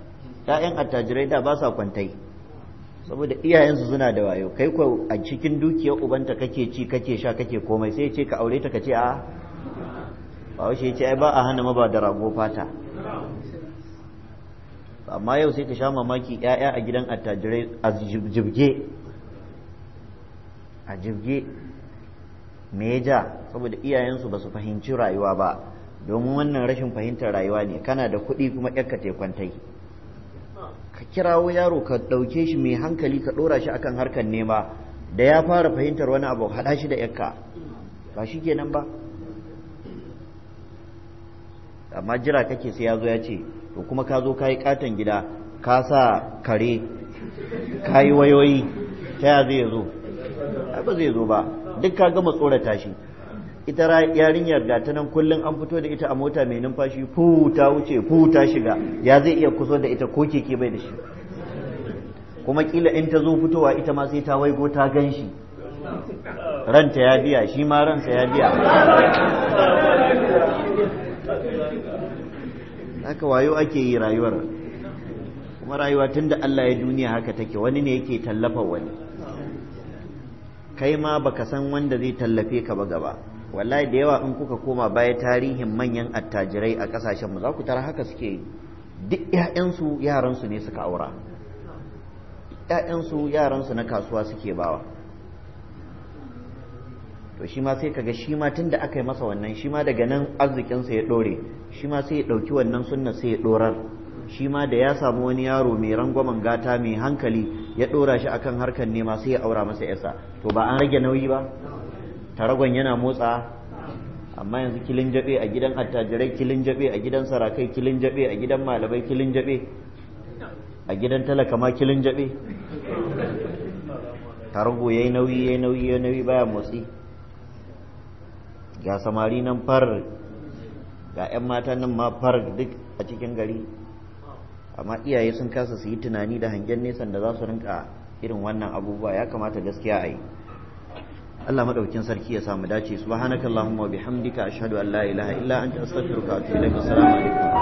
'ya'yan attajirai da ba sa kwantai saboda iyayensu suna da wayo kai ko a cikin dukiyar ubanta kake ci kake sha kake komai sai ce ka aure ta ka a ba shi ce ai ba a hana ba da rago fata amma yau sai ka sha mamaki 'ya'ya a gidan attajirai a jibge a jibge me ya ja saboda iyayensu ba su fahimci rayuwa ba domin wannan rashin fahimtar rayuwa ne kana da kuɗi kuma ƴarka te kwantai ka kirawo yaro ka ɗauke shi mai hankali ka ɗora shi akan harkar nema da ya fara fahimtar wani abu haɗa shi da ƴarka ba shi kenan ba amma jira kake sai ya zo ya ce to kuma ka zo ka yi katon gida ka sa kare ka yi wayoyi ta ya zai zo ba zai zo ba duk ka gama tsorata shi ita yarinyar ga ta nan kullum an fito da ita a mota mai numfashi futa wuce futa shiga ya zai iya kuso da ita ko keke bai da shi kuma kila in ta zo fitowa ita ma sai ta waigo ta gan shi ranta ya biya shi ma ransa ya biya haka wayo ake yi rayuwar kuma rayuwa tun da Allah ya duniya haka take wani ne yake tallafa wani kai ma baka san wanda zai tallafe ka ba gaba wallahi da yawa in kuka koma baya tarihin manyan attajirai a kasashen mu za ku tara haka suke duk ƴaƴansu yaransu ne suka aura ƴaƴansu yaransu na kasuwa suke bawa to shi ma sai kaga shi ma tunda aka masa wannan shi ma daga nan arzikinsa ya dore shi ma sai ya ɗauki wannan sunna sai ya ɗorar shi ma da ya samu wani yaro mai rangwamen gata mai hankali ya ɗora shi akan harkar nema sai ya aura masa yasa to ba an rage nauyi ba taragon yana motsa amma yanzu kilin jabe a gidan attajirai kilin jabe a gidan sarakai kilin jabe a gidan malamai kilin jabe a gidan talaka ma kilin jabe tarago yayi nauyi yayi nauyi yayi nauyi baya motsi ga samari nan far ga 'yan mata nan ma far duk a cikin gari amma iyaye sun kasa su yi tunani da hangen nesan da za su rinka irin wannan abubuwa ya kamata gaskiya a yi Allah madaukakin sarki ya samu dace subhanakallahumma wa bihamdika ashhadu an la ilaha illa anta astaghfiruka wa atubu ilaik assalamu alaikum